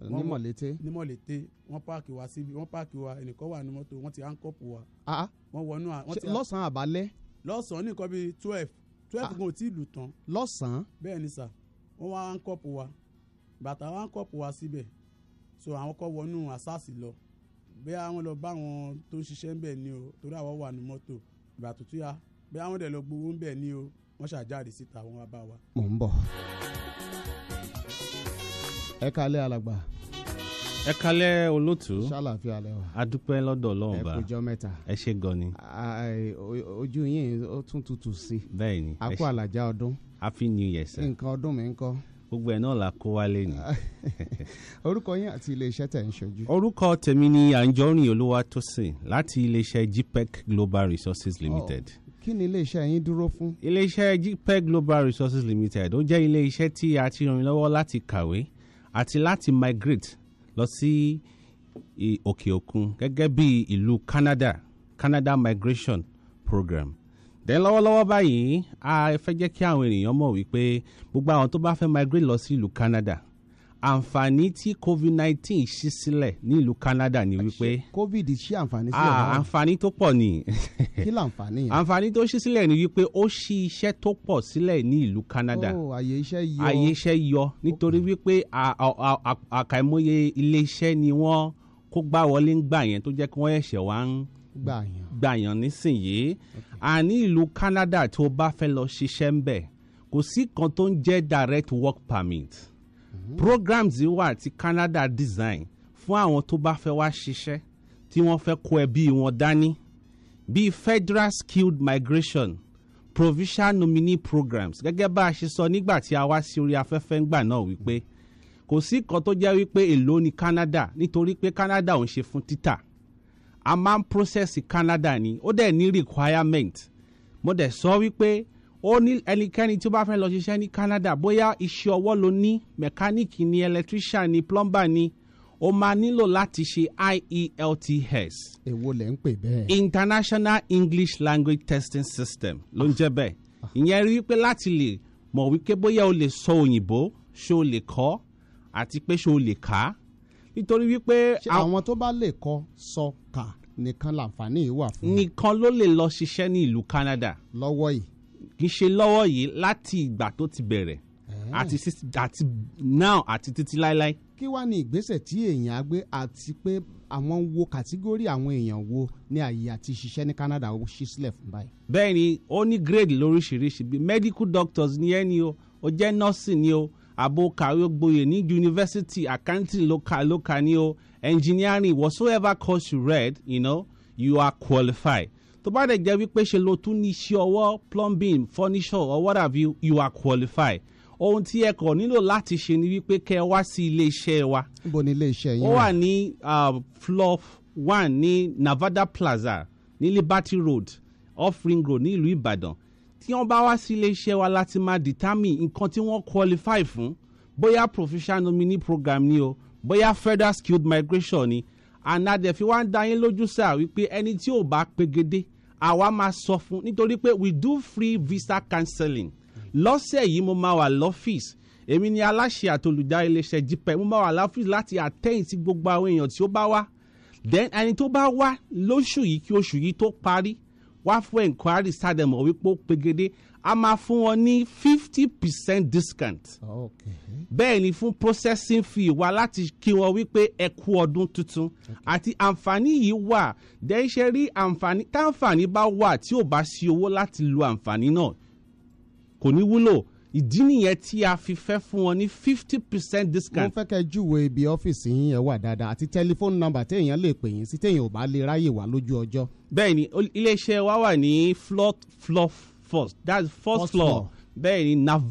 ní mọ̀lété wọ́n páàkì wa síbi wọ́n páàkì wa ẹnìkan wà ní mọ́tò wọ́n ti hánkọ́pù wa. Ah, wọ́n wọnú àwọn ti. lọ́sàn-án àbálẹ́. lọ́sàn-án nìkan bíi twelve twelve gan ò tí ì lù tán. lọ́sàn-án. bẹ́ẹ̀ ni sà wọ́n wá ń kọ́pù wa bàtà wá ń kọ́pù wa síbẹ̀ so àwọn kọ́ wọnú àsáàsì lọ bẹ́ẹ̀ wọ́n lọ bá àwọn tó ń ṣiṣẹ́ ńbẹ̀ ni o torí àwọn wà ní mọ́tò ìgbà tó túyà bẹ́ẹ̀ wọ́n dẹ̀ lọ gbowó ńbẹ̀ ni o wọ́n ṣàjáde síta wọn bá wa. mò ń bọ̀ ẹ kalẹ́ alàgbà ẹ kalẹ olóòtú ṣàlàfíà lẹwà adúpẹ́ bá ẹ ṣe gan ni. ojú yín ó tún tutù sí i bẹ́ẹ̀ni a kó àlàjá ọdún happy new year sir nǹkan ọdún mi ń kọ gbogbo ẹ̀ náà la kó wálé ni. orúkọ yín àti iléeṣẹ́ tẹ̀ ń ṣojú. orúkọ tèmi ni Àǹjọ́rìn Olúwatósìn láti iléeṣẹ́ GPEC Global Resources Limited. Oh kí ni iléeṣẹ́ yín dúró fún. iléeṣẹ́ gpeg global resources limited ó jẹ́ iléeṣẹ́ tí a ti ràn lọ́wọ́ láti kàwé àti láti migrate lọ sí òkè òkun gẹ́gẹ́ bí ìlú Canada Canada Migration Program then lọ́wọ́lọ́wọ́ báyìí a fẹ́ jẹ́ kí àwọn ènìyàn mọ̀ wípé gbogbo àwọn tó bá fẹ́ migrate lọ sí ìlú Canada àǹfààní tí covid nineteen ṣí sílẹ̀ nílùú Canada ni wípé. covid ṣí àǹfààní sílẹ̀ náà. Ah, àǹfààní tó pọ̀ ni. kí ló àǹfààní yẹn. àǹfààní tó ṣí sílẹ̀ ni wípé ó ṣí iṣẹ́ tó pọ̀ sílẹ̀ ní Canada. oh àyè iṣẹ́ yọ. àyè iṣẹ́ yọ nítorí wípé àkàìmọye ilé iṣẹ́ ni wọ́n kó gbá wọlé ń gbà yẹn tó jẹ́ kí wọ́n ẹ̀ṣẹ̀ wá ń gbà yàn nísìnyìí. àní ìlú Canada tó bá fẹ́ lọ ṣiṣẹ́ ń bẹ̀ kò sí kan tó ń jẹ́ direct work permit programs yìí wà tí Canada design fún àwọn tó bá fẹ́ wá ṣiṣẹ́ tí wọ́n fẹ́ kó ẹbí wọn dání bíi federal skilled migration provincial nominee programs gẹ́gẹ́ bá a ṣe sọ nígbà tí a wá sí orí afẹ́fẹ́ ńgbà náà wípé kò sí kan tó jẹ́ wípé èlò ní Canada nítorí pé Canada ò ń ṣe fún títà a máa ń process Canada ni ó dẹ̀ ní requirement mo dẹ̀ sọ wípé ó ní ẹnikẹ́ni tí ó bá fẹ́ lọ ṣiṣẹ́ ní Canada bóyá iṣẹ́ ọwọ́ ló ní mẹkáníìkì ni electrician ni plumber ni o máa nílò láti ṣe IELTS. èwo lẹ ń pè bẹ́ẹ̀. International English Language Testing System ló ń jẹ́ bẹ́ẹ̀ ìyẹn rí wípé láti lè mọ̀ wípé bóyá o lè sọ òyìnbó ṣé o lè kọ́ àti pé ṣé o lè kà á nítorí wípé. ṣé àwọn tó bá lè kọ sọ kà nìkan làǹfààní yìí wà fún. nìkan ló lè lọ ṣiṣẹ́ ní ìlú Canada. lọ́wọ́ yìí kì í ṣe lọ́wọ́ yìí láti ìgbà tó ti bẹ̀rẹ̀ àti àti now àti títí láéláé. kí wàá ní ìgbésẹ̀ tí èèyàn á gbé àti pé àwọn wo kàtígórì àwọn èèyàn wo ní àyè àti ṣiṣẹ́ ní Canada ó ṣí sílẹ̀ fún báyìí. bẹ́ẹ̀ ni ó ní gírèdì lóríṣiríṣi bíi medical doctors ni ẹ́ ni o ó jẹ́ nọ́ọ̀sì ni o àbò kàwé gboyè ní yunifásitì accounting lókàlókà ni o engineering whatsoever course you read you know you are qualified tó bá dẹ̀ jẹ́ wípé ṣe lo tún ní iṣẹ́ ọwọ́ plumbing furniture or what have you you are qualified ohun tí ẹ kọ̀ nílò láti ṣe ni wípé kẹ wá sí ilé iṣẹ́ wa. ó wà ní floor one ní Nevada Plaza ní Liberty Road off Ring Road ní ìlú Ìbàdàn tí wọ́n bá wá sí ilé iṣẹ́ wa láti máa determine nǹkan tí wọ́n qualify fún bóyá professional nominee program ni o bóyá federal skilled migration ni ànádẹ fi wá ń dá yín lójú sáà wípé ẹni tí ò bá pegedé àwa máa sọ fún nítorí pé we do free visa counseling lọ́sẹ̀ yìí mo máa wà lọ́fíìsì èmi ni aláṣẹ àtolùdarí iléeṣẹ́ jípẹ́ e. mo máa wà lọ́fíìsì láti àtẹ̀yìn sí gbogbo àwọn èèyàn tí ó bá wá then ẹni tó bá wá lóṣù yìí kí oṣù yìí tó parí wá fún enquiry sádẹ̀mọ̀ wípé ó pegedé a máa fún wọn ní fifty percent discount. Okay. bẹ́ẹ̀ ni fún processing fee wa láti kí wọn wípé ẹ kú ọdún tuntun àti àǹfààní yìí wà dẹ́ṣẹ́ rí àǹfààní táǹfààní bá wà tí ò bá sí owó láti lo àǹfààní náà kò ní wúlò ìdí nìyẹn tí a fi fẹ́ fún wọn ní fifty percent discount. mo fẹ́ kẹ́ júwe ibi ọ́fíìsì yín yẹn wà dáadáa àti tẹlifóònù nọ́mbà téèyàn lè pè yín sí téèyàn ò bá lè ráyè wá lójú ọjọ́. bẹ́ẹ̀ni iléeṣẹ́ wa wà ní floor floor first. That's first, first floor. floor. Then in Nav